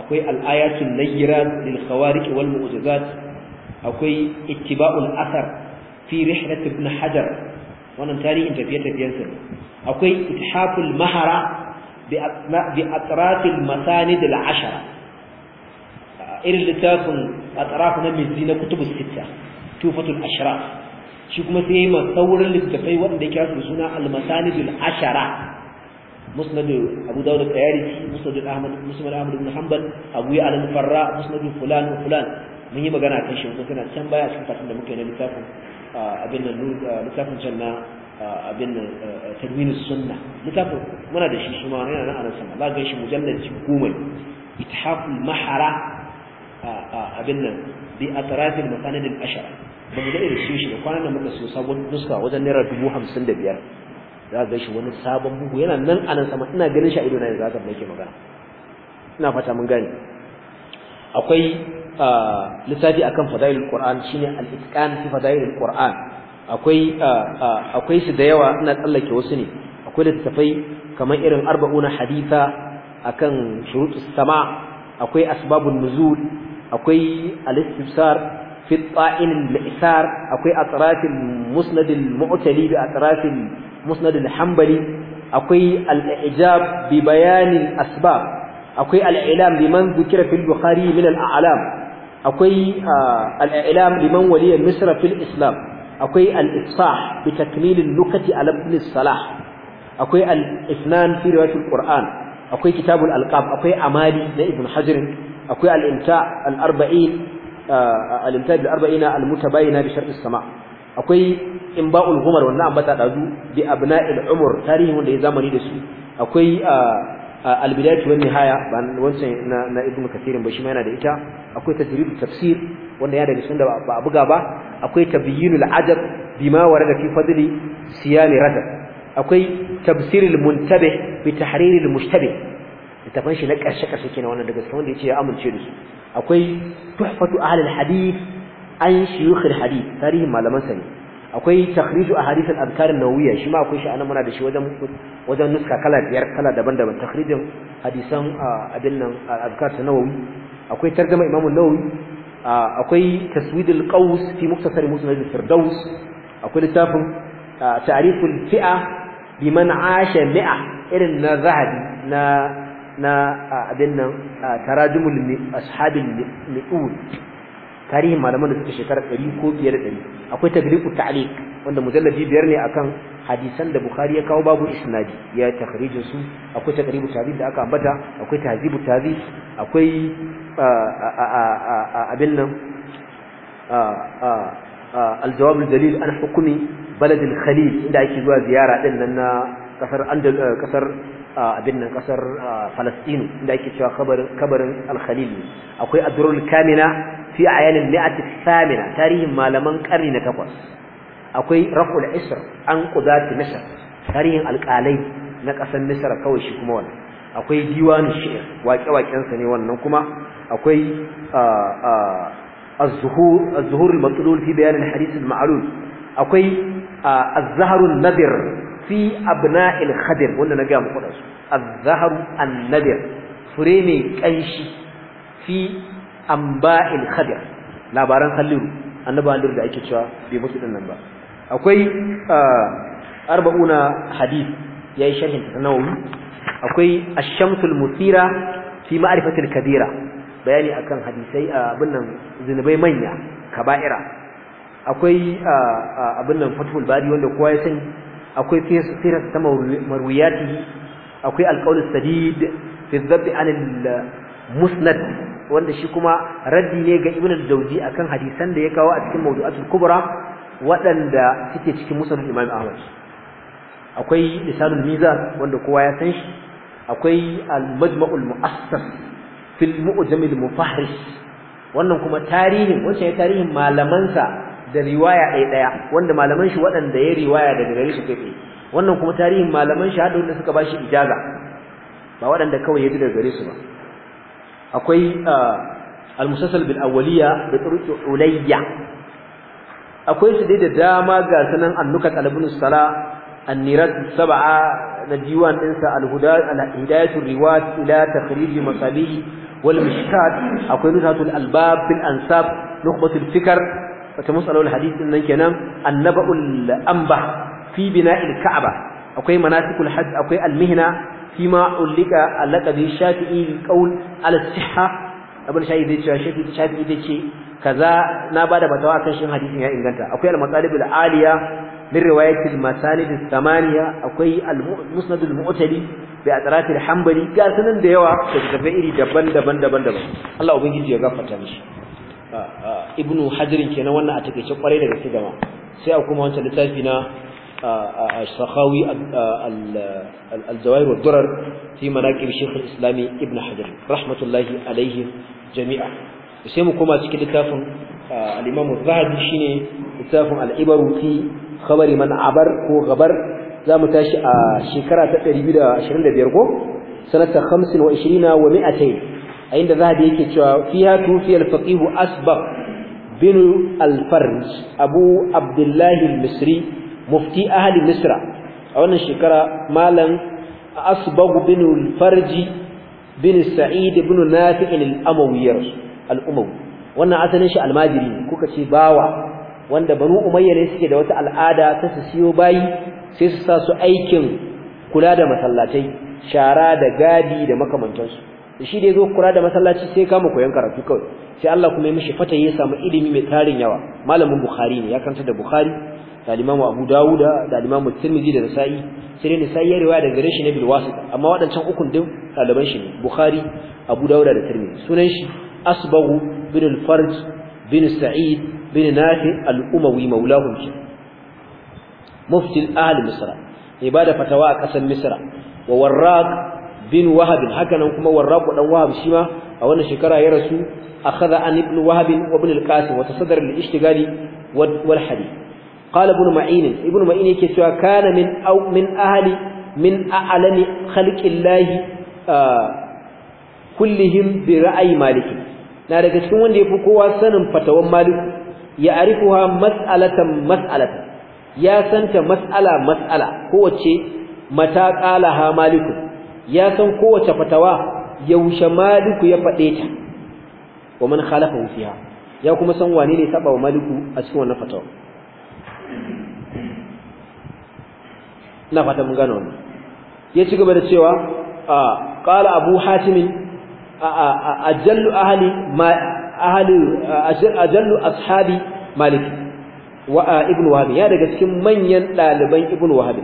akwai al'ayatul nayyirat lil khawariq wal mu'jizat akwai ittiba'ul athar fi rihlat ibn hajar wannan tarihin tafiye tafiyen sa akwai ithaful mahara bi bi atrafil masanid al ashara irin littafin atraf na mizi na kutubus sitta tufatul ashraf shi kuma sai ma sauran littafai wanda yake suna al masanid al ashara مسند أبو داود التياري مسند أحمد مسند أحمد بن حنبل أبو يعلى الفراء مسند فلان وفلان من يبقى أنا كيش ممكن أتسمى بقى أشوف تفهم ده ممكن لتفهم أبين لتفهم جنة أبين تدوين السنة لتفهم منا ده شيء شما أنا أنا سمع لا كيش مجلد حكومي إتحاف المحرة أبين بأطراف المساند الأشرة بمجرد الشيء شيء وكان لما كسر صابون نسخة وزن نرى دبوها من سند بيار za ga shi wani sabon bugu yana nan a nan sama ina ganin shi a ido na yanzu haka nake magana ina fata mun gane akwai lissafi akan fadailul qur'an shine al-itqan fi fadailul akwai akwai su da yawa ina tsallake wasu ne akwai littafai kamar irin arba'una haditha akan shurutus sama akwai asbabun nuzul akwai al في الطائن الإسار أكوي أطراف المسند المعتلي بأطراف المسند الحنبلي أكوي الإعجاب ببيان الأسباب أكوي الإعلام لمن ذكر في البخاري من الأعلام أكوي آه الإعلام لمن ولي مصر في الإسلام أكوي الإفصاح بتكميل النكت على ابن الصلاح أكوي الإثنان في رواية القرآن أكوي كتاب الألقاب أكوي أمالي لابن حجر أكوي الإمتاع الأربعين al-imtihad bil arba'ina al-mutabayina bi shart as-sama akwai imba'ul humar wannan ambata dazu bi abna'il umur tarihin wanda ya zamani da su akwai al-bidayatu wan nihaya ban wancan na na ibnu kathirin ba shi ma yana da ita akwai tajrib tafsir wanda yana da sun da ba buga ba akwai tabyinul ajab bima warada fi fadli siyami rada akwai tafsirul muntabih bi tahriril mushtabih littafan shi na ƙarshe ƙarshe kenan wannan daga cikin wanda yace ya amince da su akwai tuhfatu ahlul hadith an shuyukh hadith tarihin malaman sa ne akwai takhriju ahadith al-adhkar an-nawawiyya shi ma akwai shi anan muna da shi wajen wajen nuska kala biyar kala daban-daban takhrijin hadisan abin nan al-adhkar an-nawawi akwai tarjuma imam an-nawawi akwai taswid al-qaws fi muktasar musnad al-firdaus akwai littafin ta'rif al-fi'a biman 'asha mi'a irin na zahabi na na abin nan tarajumul ashabil mi'ul tarihin malaman da suka shekarar 100 ko 500 akwai tagliqu ta'liq wanda mujallabi biyar ne akan hadisan da bukhari ya kawo babu isnadi ya takhrije su akwai taqribu tabi'in da aka ambata akwai tahzibu tabi akwai abin nan al-jawab dalil an hukumi balad al-khalil inda ake zuwa ziyara din nan na kasar abin nan kasar Falastinu inda ake cewa kabarin Al-Khalil akwai Adrul Kamina fi ayanil mi'ati thamina tarihin malaman karni na takwas akwai Raful Isr an qudati Misr tarihin alqalai na kasar Misr kawai shi kuma wannan akwai diwan shi'r waƙe-waƙen sa ne wannan kuma akwai az-zuhur az-zuhur al-matlul fi bayan al-hadith al-ma'lul akwai az-zahr nadir fi abna'il khadir wanda na ga muku da su az-zahru an-nadir fure kanshi fi amba'il khadir labaran halliru annabi halliru da ake cewa bai mutu din nan ba akwai ah, arba'una hadith yayi sharhin tanawi akwai ash-shamsul fi ma'rifatil kabira bayani akan hadisai ah, abin nan zinubai manya kaba'ira akwai ah, abin nan fathul bari wanda kowa ya sani akwai firar ta marwiyatihi akwai alƙawul sadid fi zabbi anil musnad wanda shi kuma raddi ne ga ibn al akan hadisan da ya kawo a cikin mawdu'atul kubra waɗanda suke cikin musnad imam ahmad akwai lisanul mizan wanda kowa ya san shi akwai al-majma'ul mu'assas fil mu'jam al-mufahris wannan kuma tarihin wancan ya tarihin malamansa da riwaya ɗaya ɗaya wanda malaman shi waɗanda ya riwaya daga gare su kai wannan kuma tarihin malaman shi hada wanda suka ba shi ijaza ba waɗanda kawai ya ji daga gare su ba akwai ah, al bil awwaliya da turuq ulayya akwai su dai da dama ga sanan annuka al-ibn sala an sab'a na diwan dinsa al-huda al riwat ila takhrij masalih wal mishkat akwai nusatul albab bil ansab nukhbatul fikar kamar salawar hadisin nan kenan annaba'ul anba fi bina'il ka'aba akwai manasikul hajj akwai almihna fima ulika alaqabi shafi'i qaul al sihha abin shafi'i zai ce shafi'i shafi'i ce kaza na bada batawa akan shin hadisin ya inganta akwai al aliya min riwayati samaniya akwai al musnad al mu'tali bi atrat al hanbali ga sanan da yawa da tafi iri daban daban daban daban Allah ubangiji ya gafarta mishi ah, ah. ibnu hajrin kenan wannan a takeice kwarai daga gaske gama sai a kuma wancan littafi na sakhawi al-jawair durar fi manaqib shaykh al-islam ibn hajar rahmatullahi alayhi jami'a sai mu koma cikin littafin al-imam az-zahabi shine littafin al-ibaru fi khabari man abar ko gabar zamu tashi a shekara ta 225 ko sanata 25 wa 200 a inda zahabi yake cewa fiha tufiya al-faqih asbab بن الفرج أبو عبد الله المصري مفتي أهل مصر أولا شكرا مالا أصبغ بن الفرج بن سعيد بن نافع الأموي الأموي وانا أتنى شيء الماجري كوكا باوا wanda banu umayya ne suke da wata al'ada ta su siyo bayi sai su sa su aikin kula da masallatai shara da gadi da makamantansu shi da zo kura da masallaci sai kama koyon karatu kawai sai Allah kuma ya mishi fata ya samu ilimi mai tarin yawa malamin Bukhari ne ya kanta da Bukhari da Imam Abu Dawud da Imam Tirmidhi da Nasa'i sai ne Nasa'i ya riwaya daga shi nabil wasit amma wadancan ukun din ɗaliban shi ne Bukhari Abu Dawud da Tirmidhi sunan shi Asbahu bin al-Farj bin Sa'id bin Nafi al-Umawi maulahu mufti al ahli Misra ibada fatawa a kasar Misra wa Warraq bin wahab hakanan kuma warraq dan wahab shi ma a wannan shekara ya rasu akhadha an ibn wahab wa ibn al-qasim wa al-ishtigali wal hadith qala ibn ma'in ibn ma'in yake cewa kana min aw min ahli min a'lami khalqillahi kullihim bi malik na daga cikin wanda yafi kowa sanin fatawan malik ya arifuha mas'alatan mas'alatan ya santa mas'ala mas'ala kowace mata ha malik ya san kowace fatawa yaushe maliku ya faɗe ta wa man khalafa fiha ya kuma san wane ne saba wa maliku a cikin wannan fatawa ina fata mun gano ne ya ci gaba da cewa qala abu hatim ajallu ahli ma ahli ajallu ashabi malik wa ibn wahab ya daga cikin manyan daliban ibn wahab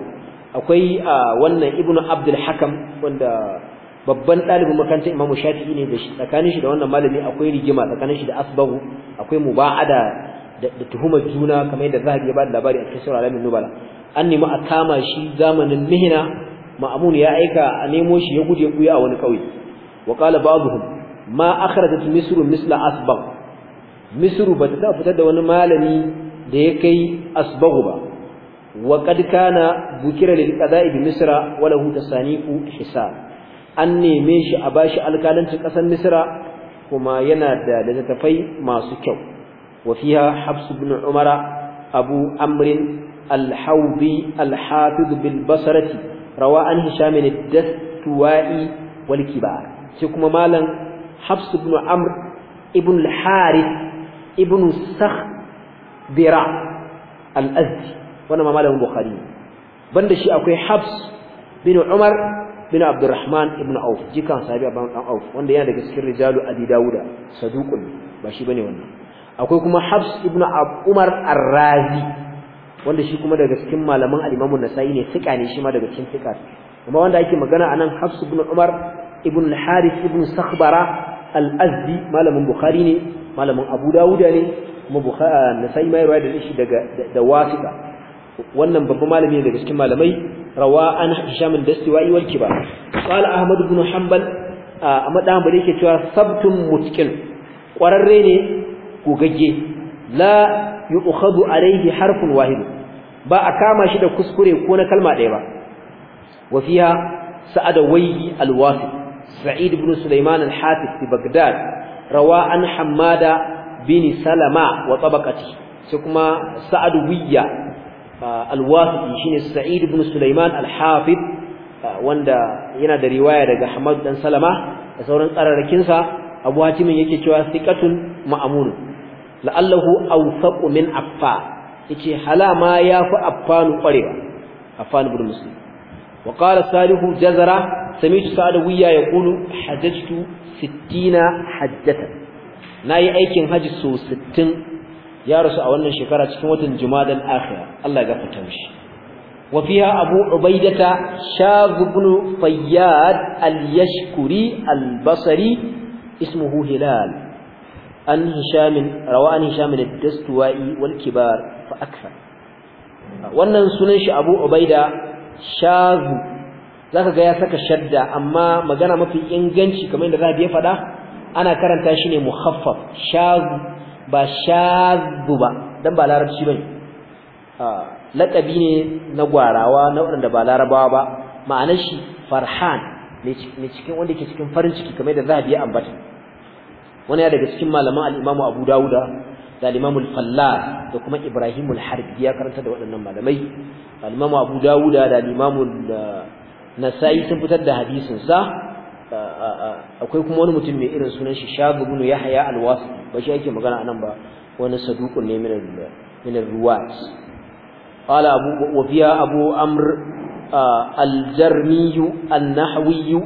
akwai wannan ibnu abdul hakam wanda babban ɗalibin makarantar imamu shafi'i ne tsakanin shi da wannan malami akwai rigima tsakanin shi da asbahu akwai muba'ada da tuhumar juna kamar yadda zahabi ya ba da labari a cikin sura alamin nubala an nemi a kama shi zamanin mihina ma'amun ya aika a nemo shi ya guje kuya a wani ƙauye wa qala ba'dhum ma akhrajat misr misla asbagh misr ba ta fitar da wani malami da ya kai asbagh ba wa qad kana bukira lil qada'i bi misra wa lahu tasanifu an neme shi a bashi alƙalancin ƙasar misra kuma yana da littattafai masu kyau wa fiha habs ibn umara abu amrin al-hawbi al-hafid bil basrati rawa an hisham ad-dastuwai wal kibar sai kuma malam habs ibn amr ibn al-harith ibn sakh bira al-azdi wannan ma malamin bukhari banda shi akwai habs bin umar bin abdurrahman ibn auf jikan sahabi abban dan auf wanda yana daga cikin rijalu abi dauda saduqun ba shi bane wannan akwai kuma habs ibn umar ar-razi wanda shi kuma daga cikin malaman al-imam an-nasa'i ne fika ne shi ma daga cikin fika kuma wanda ake magana anan habs ibn umar ibn al-harith ibn sakhbara al-azdi malamin bukhari ne malamin abu dauda ne kuma nasa'i mai riwaya da shi daga da wasita wannan babban malami ne daga cikin malamai rawa an hisham al-dastiwai wal kibar qala ahmad ibn hanbal a madan bare yake cewa sabtun mutqin kwararre ne gogagge la yu'khadhu alayhi harfun wahid ba a kama shi da kuskure ko na kalma ɗaya ba wa fiha sa'ad al-wasif sa'id ibn sulaiman al-hafiz fi baghdad rawa an hamada bin salama wa tabaqati sai kuma sa'ad wiyya al-wasiti shine sa'id ibn sulaiman al wanda yana da riwaya daga Ahmad dan Salama da sauran tsararrakin sa Abu Hatim yake cewa thiqatun ma'mun la'allahu awsaqu min affa yace halama yafi affanu kwarewa affan ibn muslim wa qala salihu jazara sami'tu sa'dawiya yaqulu hajjatu 60 hajjatan nayi aikin haji so 60 ya rasu a wannan shekara cikin watan Jumadal akhira. Allah ya gafarta mishi wa fiha Abu Ubaidata Shaz Fayyad al-Yashkuri al-Basri ismuhu Hilal an Hisham rawa an Hisham ad-Dastuwai wal Kibar fa akthar wannan sunan shi Abu Ubaida Shaz zaka ga ya saka shadda amma magana mafi inganci kamar yadda Rabi ya faɗa ana karanta shi ne muhaffaf Shazu. ba shaddu ba dan ba larabci bane ah, laqabi ne na gwarawa na waɗanda ba larabawa ba ma'anar shi farhan ne cikin wanda ke cikin farin ciki kamar da zahabi ya ambata wani ya daga cikin malaman al imam abu dawuda da al imam al-fallah da kuma ibrahim al-harbi ya karanta da waɗannan malamai al imam abu dawuda da al Nasayi ah, nasa'i sun fitar da hadisin sa akwai kuma wani mutum mai irin sunan shi shagubun yahya alwas ba shi yake magana anan ba wani saduqun ne min min ruwat qala abu wa fiya abu amr aljarmi annahwi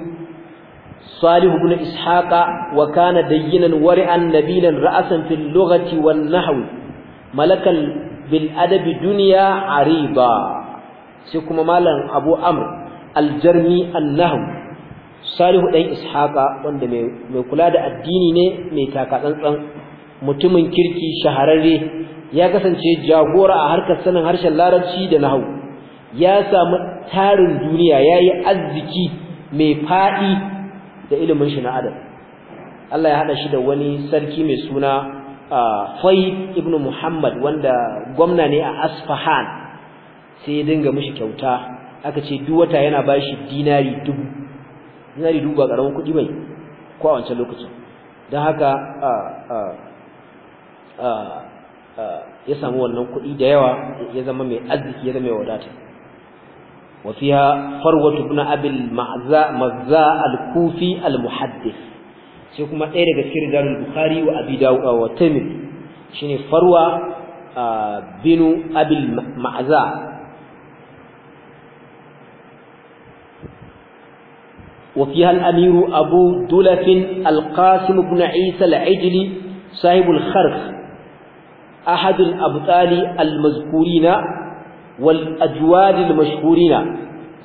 salih ishaqa wa kana dayyinan wari'an nabilan ra'san fil lughati wan nahwi malakal bil adabi dunya ariba sai kuma malam abu amr aljarmi annahwi salihu dan ishaqa wanda mai kula da addini ne mai taka tsantsan mutumin kirki shahararre ya kasance jagora a harkar sanin harshen larabci da nahau ya samu tarin duniya yayi arziki mai fadi da ilimin shi na adam Allah ya haɗa shi da wani sarki mai suna Fai ibn Muhammad wanda gwamna ne a Asfahan sai ya dinga mishi kyauta aka ce duk wata yana bashi dinari dubu zinari da ba karamin kuɗi bane ko a wancan lokacin dan haka ya samu wannan kuɗi da yawa ya zama mai arziki ya zama mai wadata ibn abil بن mazza al-kufi al muhaddith sai kuma ɗaya daga cikin al bukhari wa abi dawud wa tirmidhi shine farwa binu abil ma'za وفيها الأمير أبو دلف القاسم بن عيسى العجلي صاحب الخرف أحد الأبطال المذكورين والأجواد المشهورين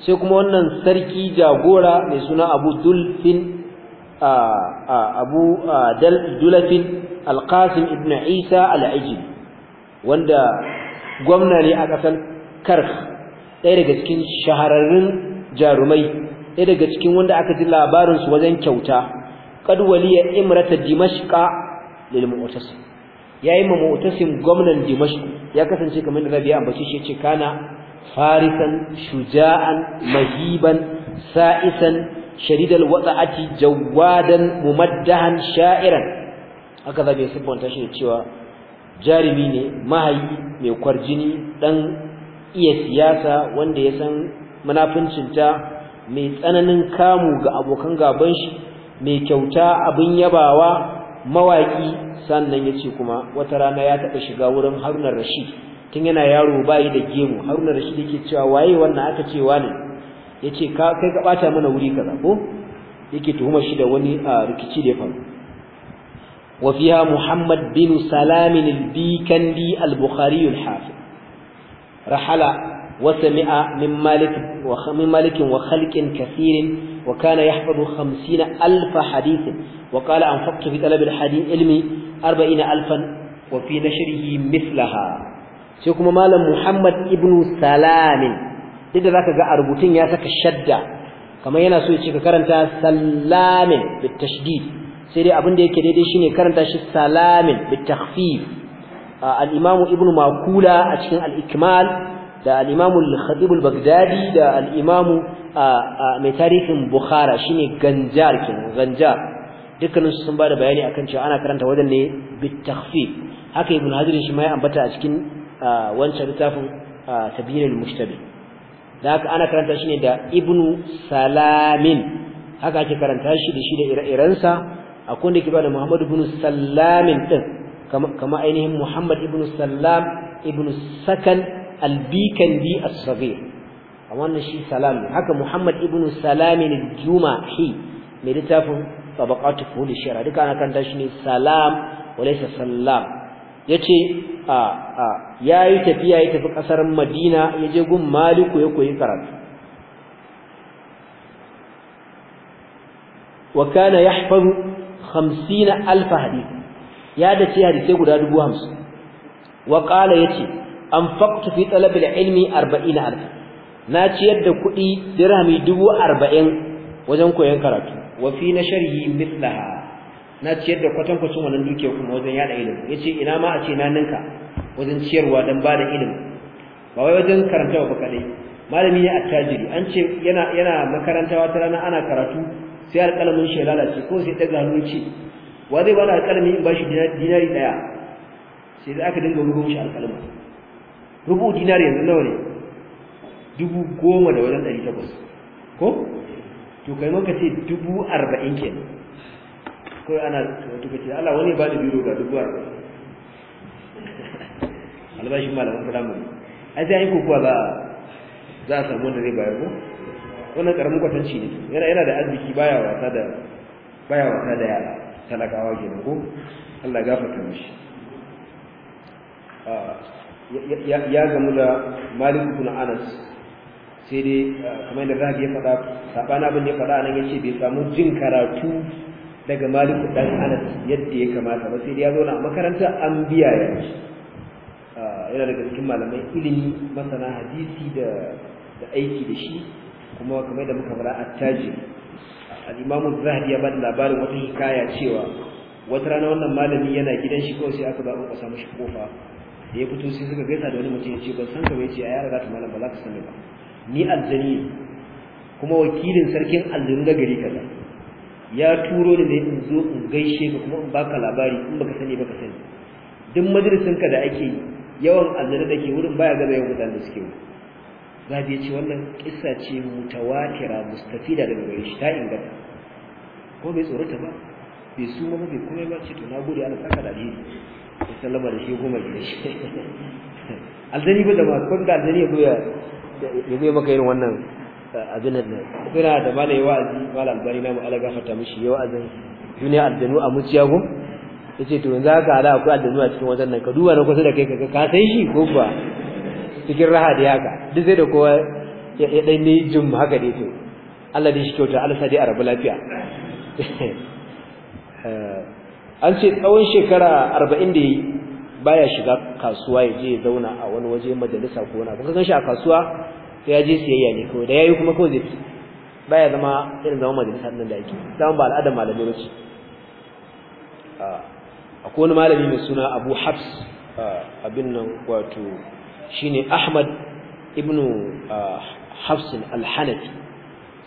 سيكم أن سركي جاغورا لسنا أبو دلف أبو دلف القاسم بن عيسى العجلي wanda gwamna ne a ƙasar karf ɗaya daga cikin shahararrun jarumai ɗaya daga cikin wanda aka ji labarin wajen kyauta qad waliya imrata dimashqa lil mu'tasim yayi ma mu'tasim gwamnan dimashq ya kasance kamar da Rabi'a ambaci shi yace kana farisan shuja'an mahiban sa'isan shadidal wada'ati jawadan mumaddahan sha'iran haka zabe sibbanta shi cewa jarumi ne mahayi mai kwarjini dan iya siyasa wanda ya san munafincin mai tsananin kamu ga abokan gaban shi mai kyauta abin yabawa mawaki sannan yace kuma wata rana ya taba shiga wurin Haruna Rashid tun yana yaro bai da gemu Haruna Rashid yake cewa waye wannan aka ce wani yace ka kai ka bata mana wuri kaza ko yake tuhumar shi da wani a rikici da ya faru wa fiha Muhammad bin Salam al-Bikandi al-Bukhari al-Hafiz rahala وسمع من مالك ومن مالك وخلق كثير وكان يحفظ خمسين ألف حديث وقال أنفقت في طلب الحديث علمي أربعين ألفا وفي نشره مثلها سيكم مالا محمد ابن سلام duk da zaka ga a rubutun ya saka shadda kamar yana so ya ce ka karanta salamin bit tashdid sai dai abin da yake daidai shine karanta shi salamin bit takhfif al ibnu makula a cikin al-ikmal da al-imamu al da al'imamu imamu mai tarihin bukhara shine ganjar kenan ganjar dukkanin sun ba da bayani akan cewa ana karanta wajen ne bitakhfif haka ibn hazir shi ma ya ambata a cikin wancan littafin tabyin al-mushtabi da haka ana karanta shi ne da ibnu salamin haka ake karanta shi da shi da ire-irensa akwai da ke da Muhammadu ibn salamin din kama ainihin muhammad ibn salam ibn sakan Albikan as-saghir a wannan shi salam haka muhammad ibnu salam al-jumahi mai littafin tabaqatu fuhul shara duka ana kan tashi ne salam walaysa ya ce a a yi tafiya ya tafi kasar madina ya je gun maliku ya koyi karatu wa kana yahfazu 50000 hadith ya dace hadisai guda dubu hamsin, wa ya ce. anfaqtu fi talabil ilmi 40 alf na ciyar da kuɗi dirhami 40 wajen koyon karatu wa fi nashrihi mithlaha na ciyar da kwatankwacin wannan dukiyar kuma wajen yada ilimi yace ina ma a ce na ninka wajen ciyarwa dan bada ilimi ba wai wajen karantawa ba kadai malami ne attajiri an ce yana yana makarantawa ta rana ana karatu sai alƙalamin shi lalace ko sai daga hannu ce wa zai bada alƙalami in bashi dinari daya sai da aka dinga rubuta shi alƙalamin rubu dinari yanzu nawa ne dubu goma da wajen ɗari takwas ko to kai maka ce dubu arba'in ke kawai ana tuka ce ala wani ba da biro ga dubu arba'in <laughs> albashin malamin firamare a sai an yi kokowa za a za a samu wanda zai bayar ko wannan karamin kwatanci ne yana yana da arziki baya wasa da baya wasa da yara talakawa kenan ko Allah gafarta mishi ah. ya gamu da Malik ibn Anas sai dai ah, kamar da Rabi ya faɗa sabana abin ya faɗa nan yace bai samu jin karatu daga Malik dan Anas yadda ya kamata ba sai dai ya zo na makaranta an biya ya ah, yana daga cikin malamai ilimi masana hadisi da aiki da shi kuma kamar da muka fara attajir al-Imam az-Zahabi ya bada labarin wata hikaya cewa wata rana wannan malami yana gidan shi kawai sai aka zo aka samu shi kofa da ya fito sai suka gaisa da wani mutum ya ce ban san ka ba ce a yara za ta malam ba za ka sani ba ni aljani kuma wakilin sarkin aljani na gari kaza ya turo ni ne in zo in gaishe ka kuma in baka labari in baka sani baka sani duk majalisin ka da ake yawan aljani da ke wurin baya gaba yawan mutanen da suke wurin zabi ya ce wannan kissa ce mutawatira mustafida daga gari shi ta inganta ko bai tsorata ba bai suma ba bai komai ba ce to na gode ana saka da alheri sallama da shi kuma gida shi aljani ba da ma kun da aljani ya zo ya zo maka irin wannan eh, abin nan suna da malai wa'azi malal albani na mu ala gafarta mishi ya wa'azin duniya aljanu a muciya go yace to yanzu haka ala akwai aljanu a cikin wajen nan ka duba na kusa da kai kaga ka san shi ko ba cikin raha da yaka duk sai da kowa ya dai ne jum haka dai to Allah dai shi kyauta Allah sai dai a rabu lafiya <laughs> eh an ce tsawon shekara arba'in da yi ba ya shiga kasuwa ya je ya zauna a wani waje majalisa ko wani abu a kasuwa sai ya je siyayya ne kawai da ya yi kuma kawai zai Ba ya zama irin zama majalisa nan da ake zaman ba al'adar malamai ba ce akwai wani malami mai suna Abu Hafs abin nan wato shine Ahmad ibn hafsin al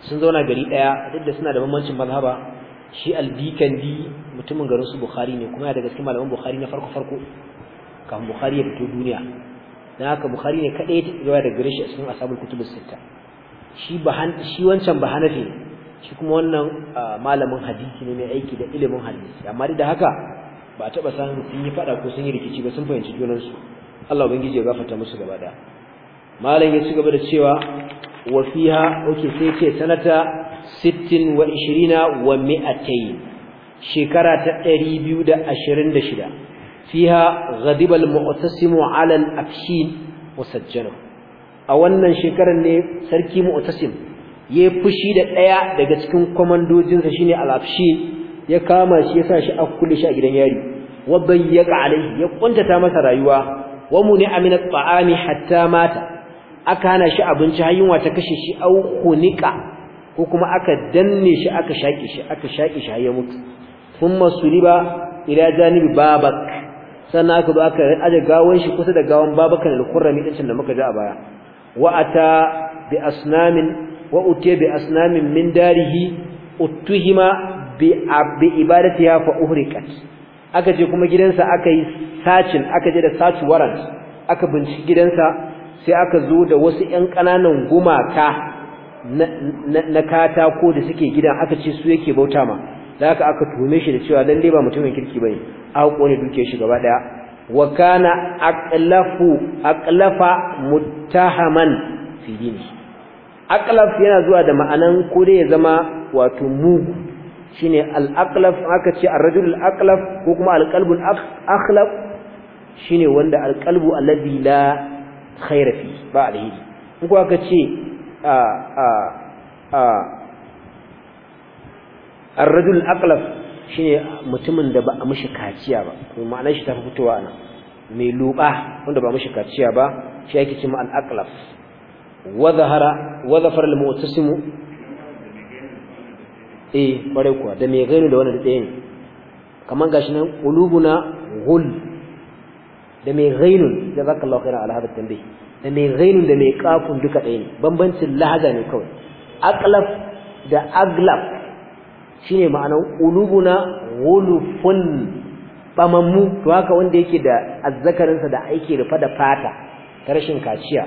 sun zauna gari ɗaya, duk da suna da bambancin mazhaba shi albikandi mutumin garin su bukhari ne kuma ya daga cikin malaman bukhari na farko farko kafin bukhari ya fito duniya dan haka bukhari ne kadai ya tafi da gare shi a cikin asabul kutubus sitta shi bahan shi wancan bahanafi shi kuma wannan malamin hadisi ne mai aiki da ilimin hadisi amma da haka ba taba san sun yi fada ko sun yi rikici ba sun fahimci junansu Allah ubangiji ya fata musu gaba daya malam ya ci gaba da cewa wa fiha okay sai ce sanata sittin wa ishirina wa mi'atayin shekara ta ɗari biyu da ashirin da shida fiha ghadibal mu'tasimu ala al-afshin musajjana a wannan shekarar ne sarki mu'tasim ya fushi da ɗaya daga cikin kwamandojinsa shine al-afshin ya kama shi ya sa shi a kulle shi a gidan yari wa bayyaka alaihi ya kuntata masa rayuwa wa muni amina ta'ami hatta mata aka hana shi abinci har yunwa ta kashe shi au khunika ko kuma aka danne shi aka shaƙe shi aka shaƙe shi ya mutu thumma suliba ila janibi babak sannan aka zo aka aje gawon shi kusa da gawan babakan al-qurrami din da muka ji a baya wa ata bi asnamin wa utiya bi asnamin min darihi utuhima bi bi ya fa uhriqat aka je kuma gidansa aka yi sacin aka je da search warrant aka binciki gidansa sai aka zo da wasu 'yan ƙananan gumaka na katako da suke gidan aka ce su yake bauta ma da haka aka tume shi da cewa lalle ba mutumin kirki bane aka kone duke shi gaba daya wa kana aqlafu aqlafa muttahaman fi dini aqlaf yana zuwa da ma'anan ko dai ya zama wato mu shine al-aqlaf aka ce ar-rajul al-aqlaf ko kuma al-qalbu al akhlaf shine wanda al-qalbu alladhi la khayra ba alheri ko aka ce a rajul aqlaf shine mutumin da ba a mishi kaciya ba kuma ma'anar shi ta fitowa ana mai luba wanda ba mishi kaciya ba shi yake cewa al-aqlaf wa zahara wa zafara al-mu'tasim eh bare kuwa da mai gani da wani da ne kaman gashi nan qulubuna ghul da mai ghainun jazakallahu khairan ala hada tanbih da mai ghainun da mai kafun duka ɗaya ne bambancin lahaza ne kawai aklaf da aglaf shine ma'anar ulubuna wulufun bamammu to haka wanda yake da azzakarinsa da aiki rufa da fata ta rashin kaciya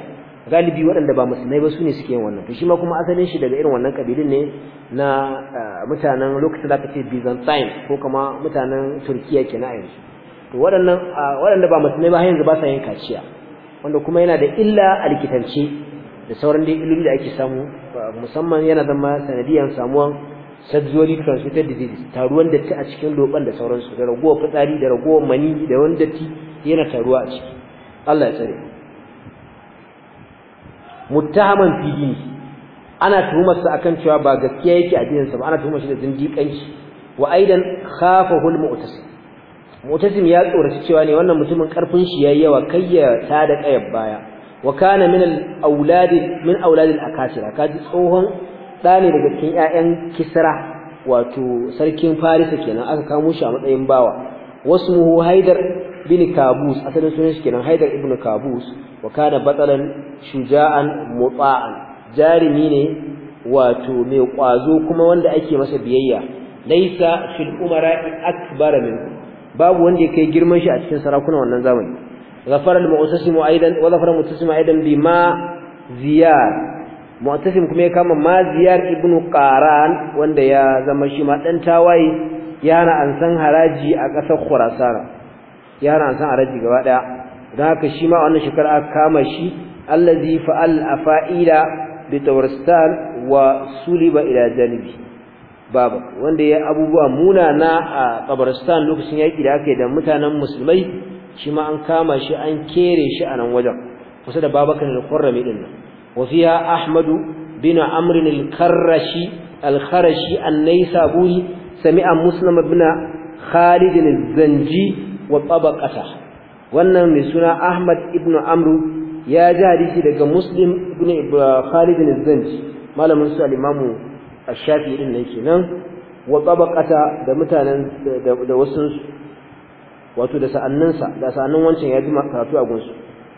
galibi waɗanda ba musulmai ba su ne suke yin wannan to shi ma kuma asalin shi daga irin wannan kabilun ne na eh, mutanen lokacin da aka ce byzantine ko kuma mutanen turkiya kenan a yanzu to waɗannan eh, waɗanda ba musulmai ba har yanzu ba sa yin kaciya wanda kuma yana da illa a likitance da sauran dai illoli da ake samu musamman yana zama sanadiyan samuwan sexually transmitted diseases taruwan datti a cikin loban da sauransu da ragowar fitsari da ragowar mani da wani datti yana taruwa a ciki Allah ya tsare muttahaman fi dini ana tuhumar sa akan cewa ba gaskiya yake a dinin sa ba ana tuhumar shi da zindiƙanci wa aidan khafahu al-mu'tasim mutasim ya tsoraci cewa ne wannan mutumin karfin shi yayi yawa kai ya ta da baya wa kana min al auladi min auladi al-akasira kaji tsohon da daga cikin ƴaƴan kisra wato sarkin farisa kenan aka kamo shi a matsayin bawa wasmuhu haidar bin kabus asalin sunan shi kenan haidar ibn kabus wa kana batalan shuja'an muta'an jarimi ne wato mai kwazo kuma wanda ake masa biyayya laisa fil umara akbar min babu wanda ya kai girman shi a cikin sarakunan wannan zamani ghafara al-mu'tasimu aidan wa ghafara al-mu'tasimu aidan ma ziyar mu'tasim kuma ya kama ma ziyar ibn qaran wanda ya zama shi ma dan tawaye yana an san haraji a ƙasar khurasan yana an san haraji gaba daya dan haka shi ma wannan shekara aka kama shi allazi al afa'ila bi tawristan wa suliba ila janibi babu wanda ya abubuwa munana a kabaristan lokacin yaki da aka yi da mutanen musulmai shi ma an kama shi an kere shi a nan wajen kusa da babakan al-qurrami din nan wa fiha ahmadu bin amr al-karashi al-kharashi an-naysaburi sami'a muslim ibn khalid al-zanji wa tabaqata wannan mai suna ahmad ibn Amru ya ji hadisi daga muslim ibn khalid al-zanji malamin su al ashafi din nan kenan wa tabaqata da mutanen da wasu wato da sa'annansa da sa'annan wancan ya ji karatu a gunsu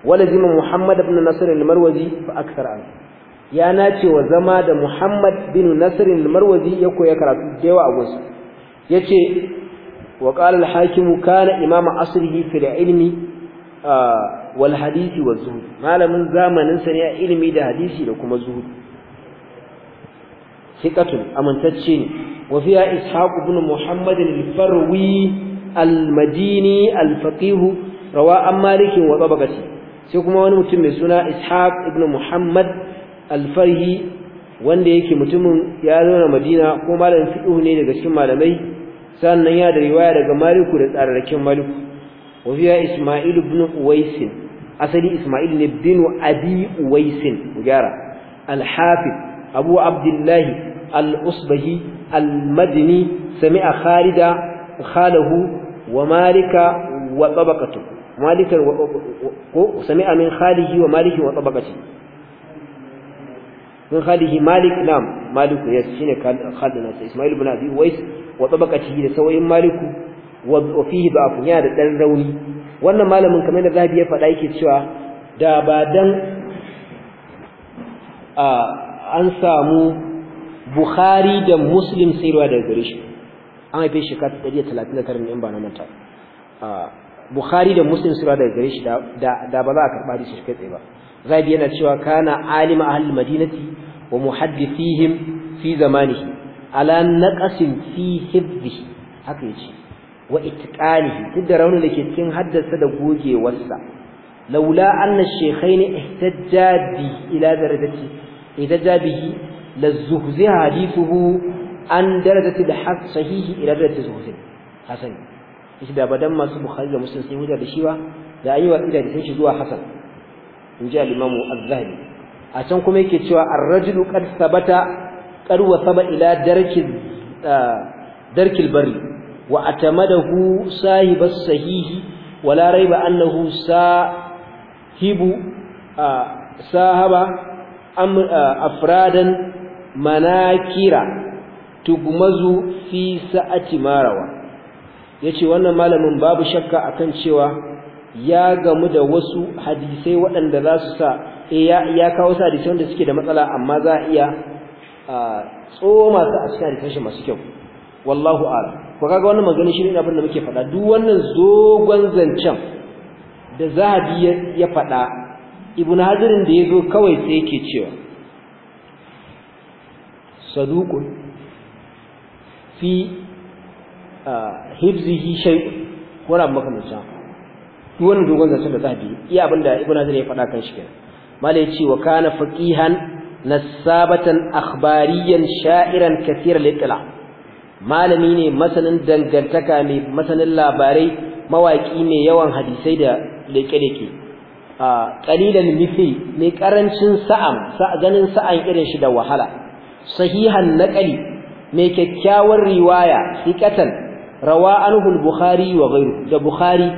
walazima muhammad ibn nasr al-marwazi fa akthar an ya nace wa zama da muhammad bin nasr al-marwazi ya koya karatu da Ya ce gunsu yace wa qala al-hakim kana imam asrihi fil ilmi ah, wal hadisi wa malamin zamaninsa ne a ilimi da hadisi da kuma zuhud thiqatun amintacce ne wa fiha ishaku bin muhammad al-farwi al-madini al rawa an malikin wa tabaqati sai kuma wani mutum mai suna ishaq ibn muhammad al-farhi wanda yake mutumin ya zauna madina ko malamin fiqh ne daga cikin malamai sannan ya da riwaya daga maliku da tsararrakin maliku wa fiha isma'il ibn uwais asali isma'il ne bin abi uwais gyara al-hafiz أبو عبد الله الأصبهي المدني سمع خالد خاله ومالك وطبقته مالك وسمع من خاله ومالك وطبقته من خاله مالك نعم مالك يسين خالدنا إسماعيل بن أبي ويس وطبقته لسوء مالك وفيه ضعف نيادة الروني روني wannan من kamar ذهب يفعل ya تشوى yake cewa da an samu bukhari da muslim sai ruwa daga gare shi an haife shi ka 139 ne in ba na manta ah, bukhari da muslim sai ruwa daga gare shi da ba za a karɓa hadisi kai tsaye ba zabi yana cewa kana alima ahlul madinati wa muhaddithihim fi zamanihi ala naqasin fi hibbihi haka yace wa itqanihi duk da raunin da ke cikin haddasa da gogewarsa laula anna shaykhaini ihtajja bi ila darajati إذا جاء به للزهزه حديثه عن درجة الحق صحيح إلى درجة الزهزه حسن إيش ده بدن ما سبو خالد مسلم سيهودا بشيوا da ayi wa ida da shi zuwa hasan in ji al-imam az-zahabi a can kuma yake cewa ar-rajulu qad sabata qad wa saba ila darkil bari wa atamadahu sahibas sahihi wa la raiba annahu hibu sahaba afradan manakira tugmazu fi sa'ati marawa yace wannan malamin babu shakka akan cewa ya gamu da wasu hadisai waɗanda za su sa eh, ya kawo su hadisai wanda suke da matsala amma za a iya tsoma su a cikin hadisan masu kyau wallahu a'lam ko kaga wannan magana shi ne abin da muke faɗa duk wannan zogon zancen da zahabi ya faɗa ibn hazirin da ya zo kawai sai yake cewa saduqun fi hibzihi shay'un wala makamancin duk wannan dogon zancen da zabi iya abinda ibn hazir ya faɗa kan shi kenan ya ce wa kana faqihan nasabatan akhbariyan sha'iran kathira litla malami ne masanin dangantaka mai masanin labarai mawaki ne yawan hadisai da leke-leke qalilan mithli mai karancin sa'am ganin sa'an irin shi da wahala sahihan naqali mai kyakkyawar riwaya thiqatan rawa anhu al-bukhari wa ghayru da bukhari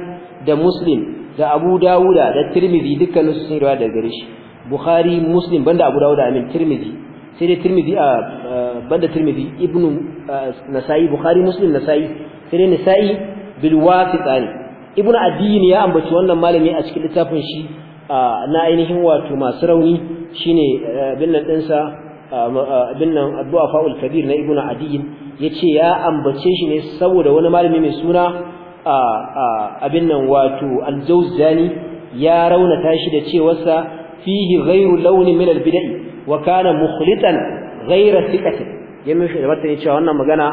da muslim da abu dawuda da tirmidhi dukkan su sun riwaya daga gare shi bukhari muslim banda abu dawuda amin tirmidhi sai dai tirmidhi a banda tirmidhi ibnu nasa'i bukhari muslim nasa'i sai dai nasa'i bil wasitani ibn addini ya ambaci wannan malami a cikin littafin shi na ainihin wato masu rauni shine eh, bin nan dinsa bin nan addu'a faul kabir na ibn ya yace ya ambace shi ne saboda wani malami mai suna abin nan wato al-jawzani ya raunata shi da cewarsa fihi ghayru launin min al-bida'i wa kana mukhlitan ghayra thiqatin ya mishi da cewa wannan magana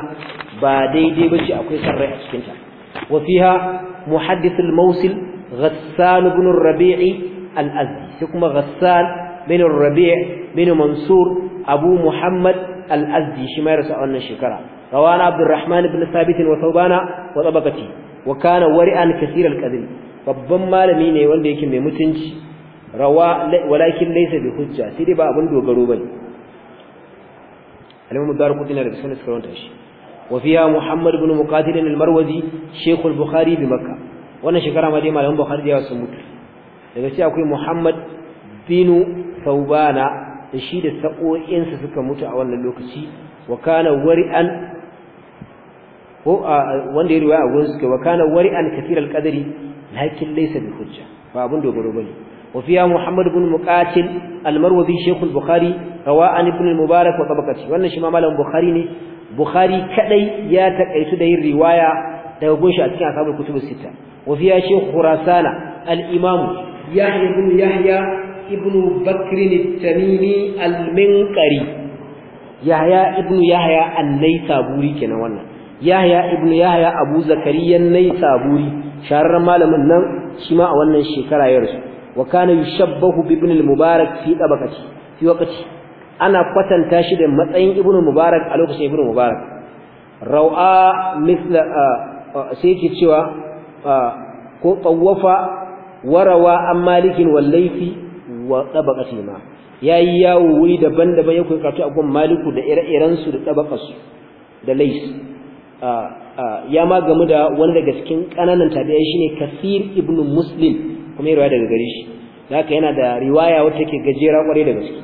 ba daidai bace akwai sarrai a cikin ta وفيها محدث الموصل غسان بن الربيع الأزدي ثم غسان بن الربيع بن منصور أبو محمد الأزدي شما يرسع عن الشكرة روان عبد الرحمن بن ثابت وثوبان وطبقته وكان ورئا كثير الكذب babban malami ne wanda yake mai mutunci rawa walakin laysa bi hujja sai dai ba abin dogaro bane al-imam dar kudina da sunan suka rawanta shi وفيها محمد بن مقاتل المروزي شيخ البخاري بمكة wannan shekara ma dai Bukhari da yawa sun mutu daga sai akwai Muhammad bin Thawbana da shi da sa'o'in sa suka mutu a wannan lokaci wa kana wari'an ko wanda ya riwaya gurin suka wa kana wari'an kathir al-qadri lakin laysa bi hujja wa fiya bukhari mubarak wannan shi ma malamin Bukhari ne bukhari kadai ya takaitu da yin riwaya daga gunshi a cikin ashabul kutubus sita wa fiya shaykh khurasana al-imam yahya ibn yahya ibn bakr at-tamimi al-minqari yahya ibn yahya an-naisaburi kenan wannan yahya ibn yahya abu zakariya an-naisaburi Shararren malamin nan shi ma a wannan shekara yarsu rasu wa kana yushabbahu bi ibn al-mubarak fi tabaqati fi waqti ana kwatanta shi da matsayin ibnu mubarak a lokacin ibnu mubarak rawa Misla sai ki cewa ko tawafa warawa an malikin wallafi wa tabaqati ma yayi yawo wuri daban-daban ya koyi karatu a gun maliku da ire-iren su da tabaqasu da lais ya ma gamu da wani daga cikin kananan tabi'ai shine kafir ibnu muslim kuma ya daga gare shi haka yana da riwaya wacce ke gajera kware da gaske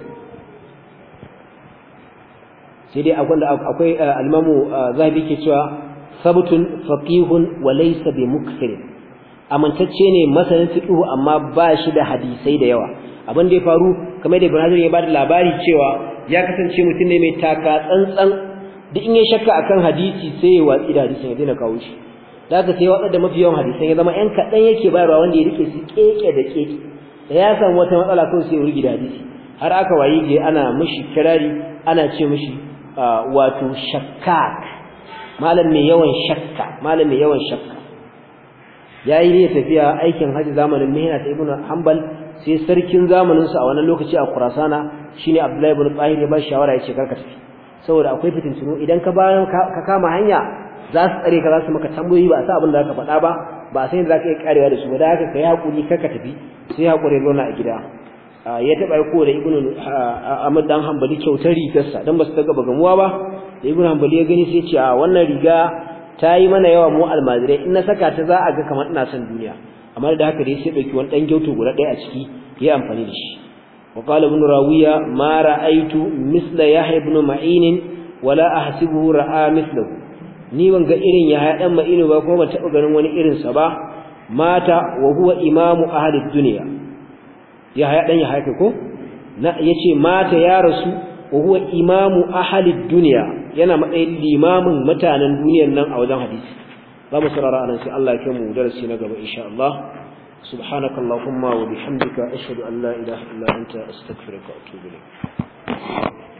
sai dai akwai akwai eh, almamu imamu eh, ke cewa sabtun faqihun wa laysa bi mukthir amintacce ne masanin fiqh amma ba shi da hadisai da yawa abin da ya faru kamar da Ibrahim ya bada labari cewa ya kasance mutum ne mai taka tsantsan duk in ya shakka akan hadisi sai ya watsi da hadisin ya daina kawo shi da haka sai watsar da mafi yawan hadisan ya zama yan kaɗan yake bayarwa wanda ya rike su keke da keke da ya samu wata matsala kan sai ya wurgi da hadisi har aka waye je ana mishi kirari ana ce mishi wato shakka malam mai yawan shakka malam mai yawan shakka yayi ne tafiya aikin haji zamanin mihna ta ibnu hanbal sai sarkin zamanin su a wannan lokaci a kurasana shine Abdullahi ibn qahir ya ba shawara yace karka tafi saboda akwai fitintuno idan ka bayan ka kama hanya za su tsare ka za su maka tambayoyi ba a sa abin da zaka faɗa ba ba a san yadda zaka iya karewa da su ba da haka kai hakuri karka tafi sai hakuri zauna a gida Ah, ya taba yi kowane da ah, Ahmad dan hambali kyautar rigarsa dan basu daga bagamuwa ba da ibn hambali ya gani sai ce a ah, wannan riga ta yi mana yawa mu almazirai in na saka ta za a ga kamar ina son duniya amma da haka dai sai ɗauki wani ɗan gyauto guda ɗaya a ciki ya amfani da shi وقال ابن راوية ما رأيت مثل يحيى بن معين ولا أحسبه رأى مثله ni ban ga irin ya dan ma'inu ba kuma ban taɓa ganin wani irinsa ba mata wa huwa imamu ahalin duniya. ya haya dan ya ko yace mata ya rasu wa huwa imamu ahli dunya yana matsayin limamin mutanen duniyar nan a wajen hadisi za mu sarara anan sai Allah ya kai mu darasi na gaba insha Allah سبحانك اللهم وبحمدك أشهد أن لا illa إلا أنت أستغفرك وأتوب إليك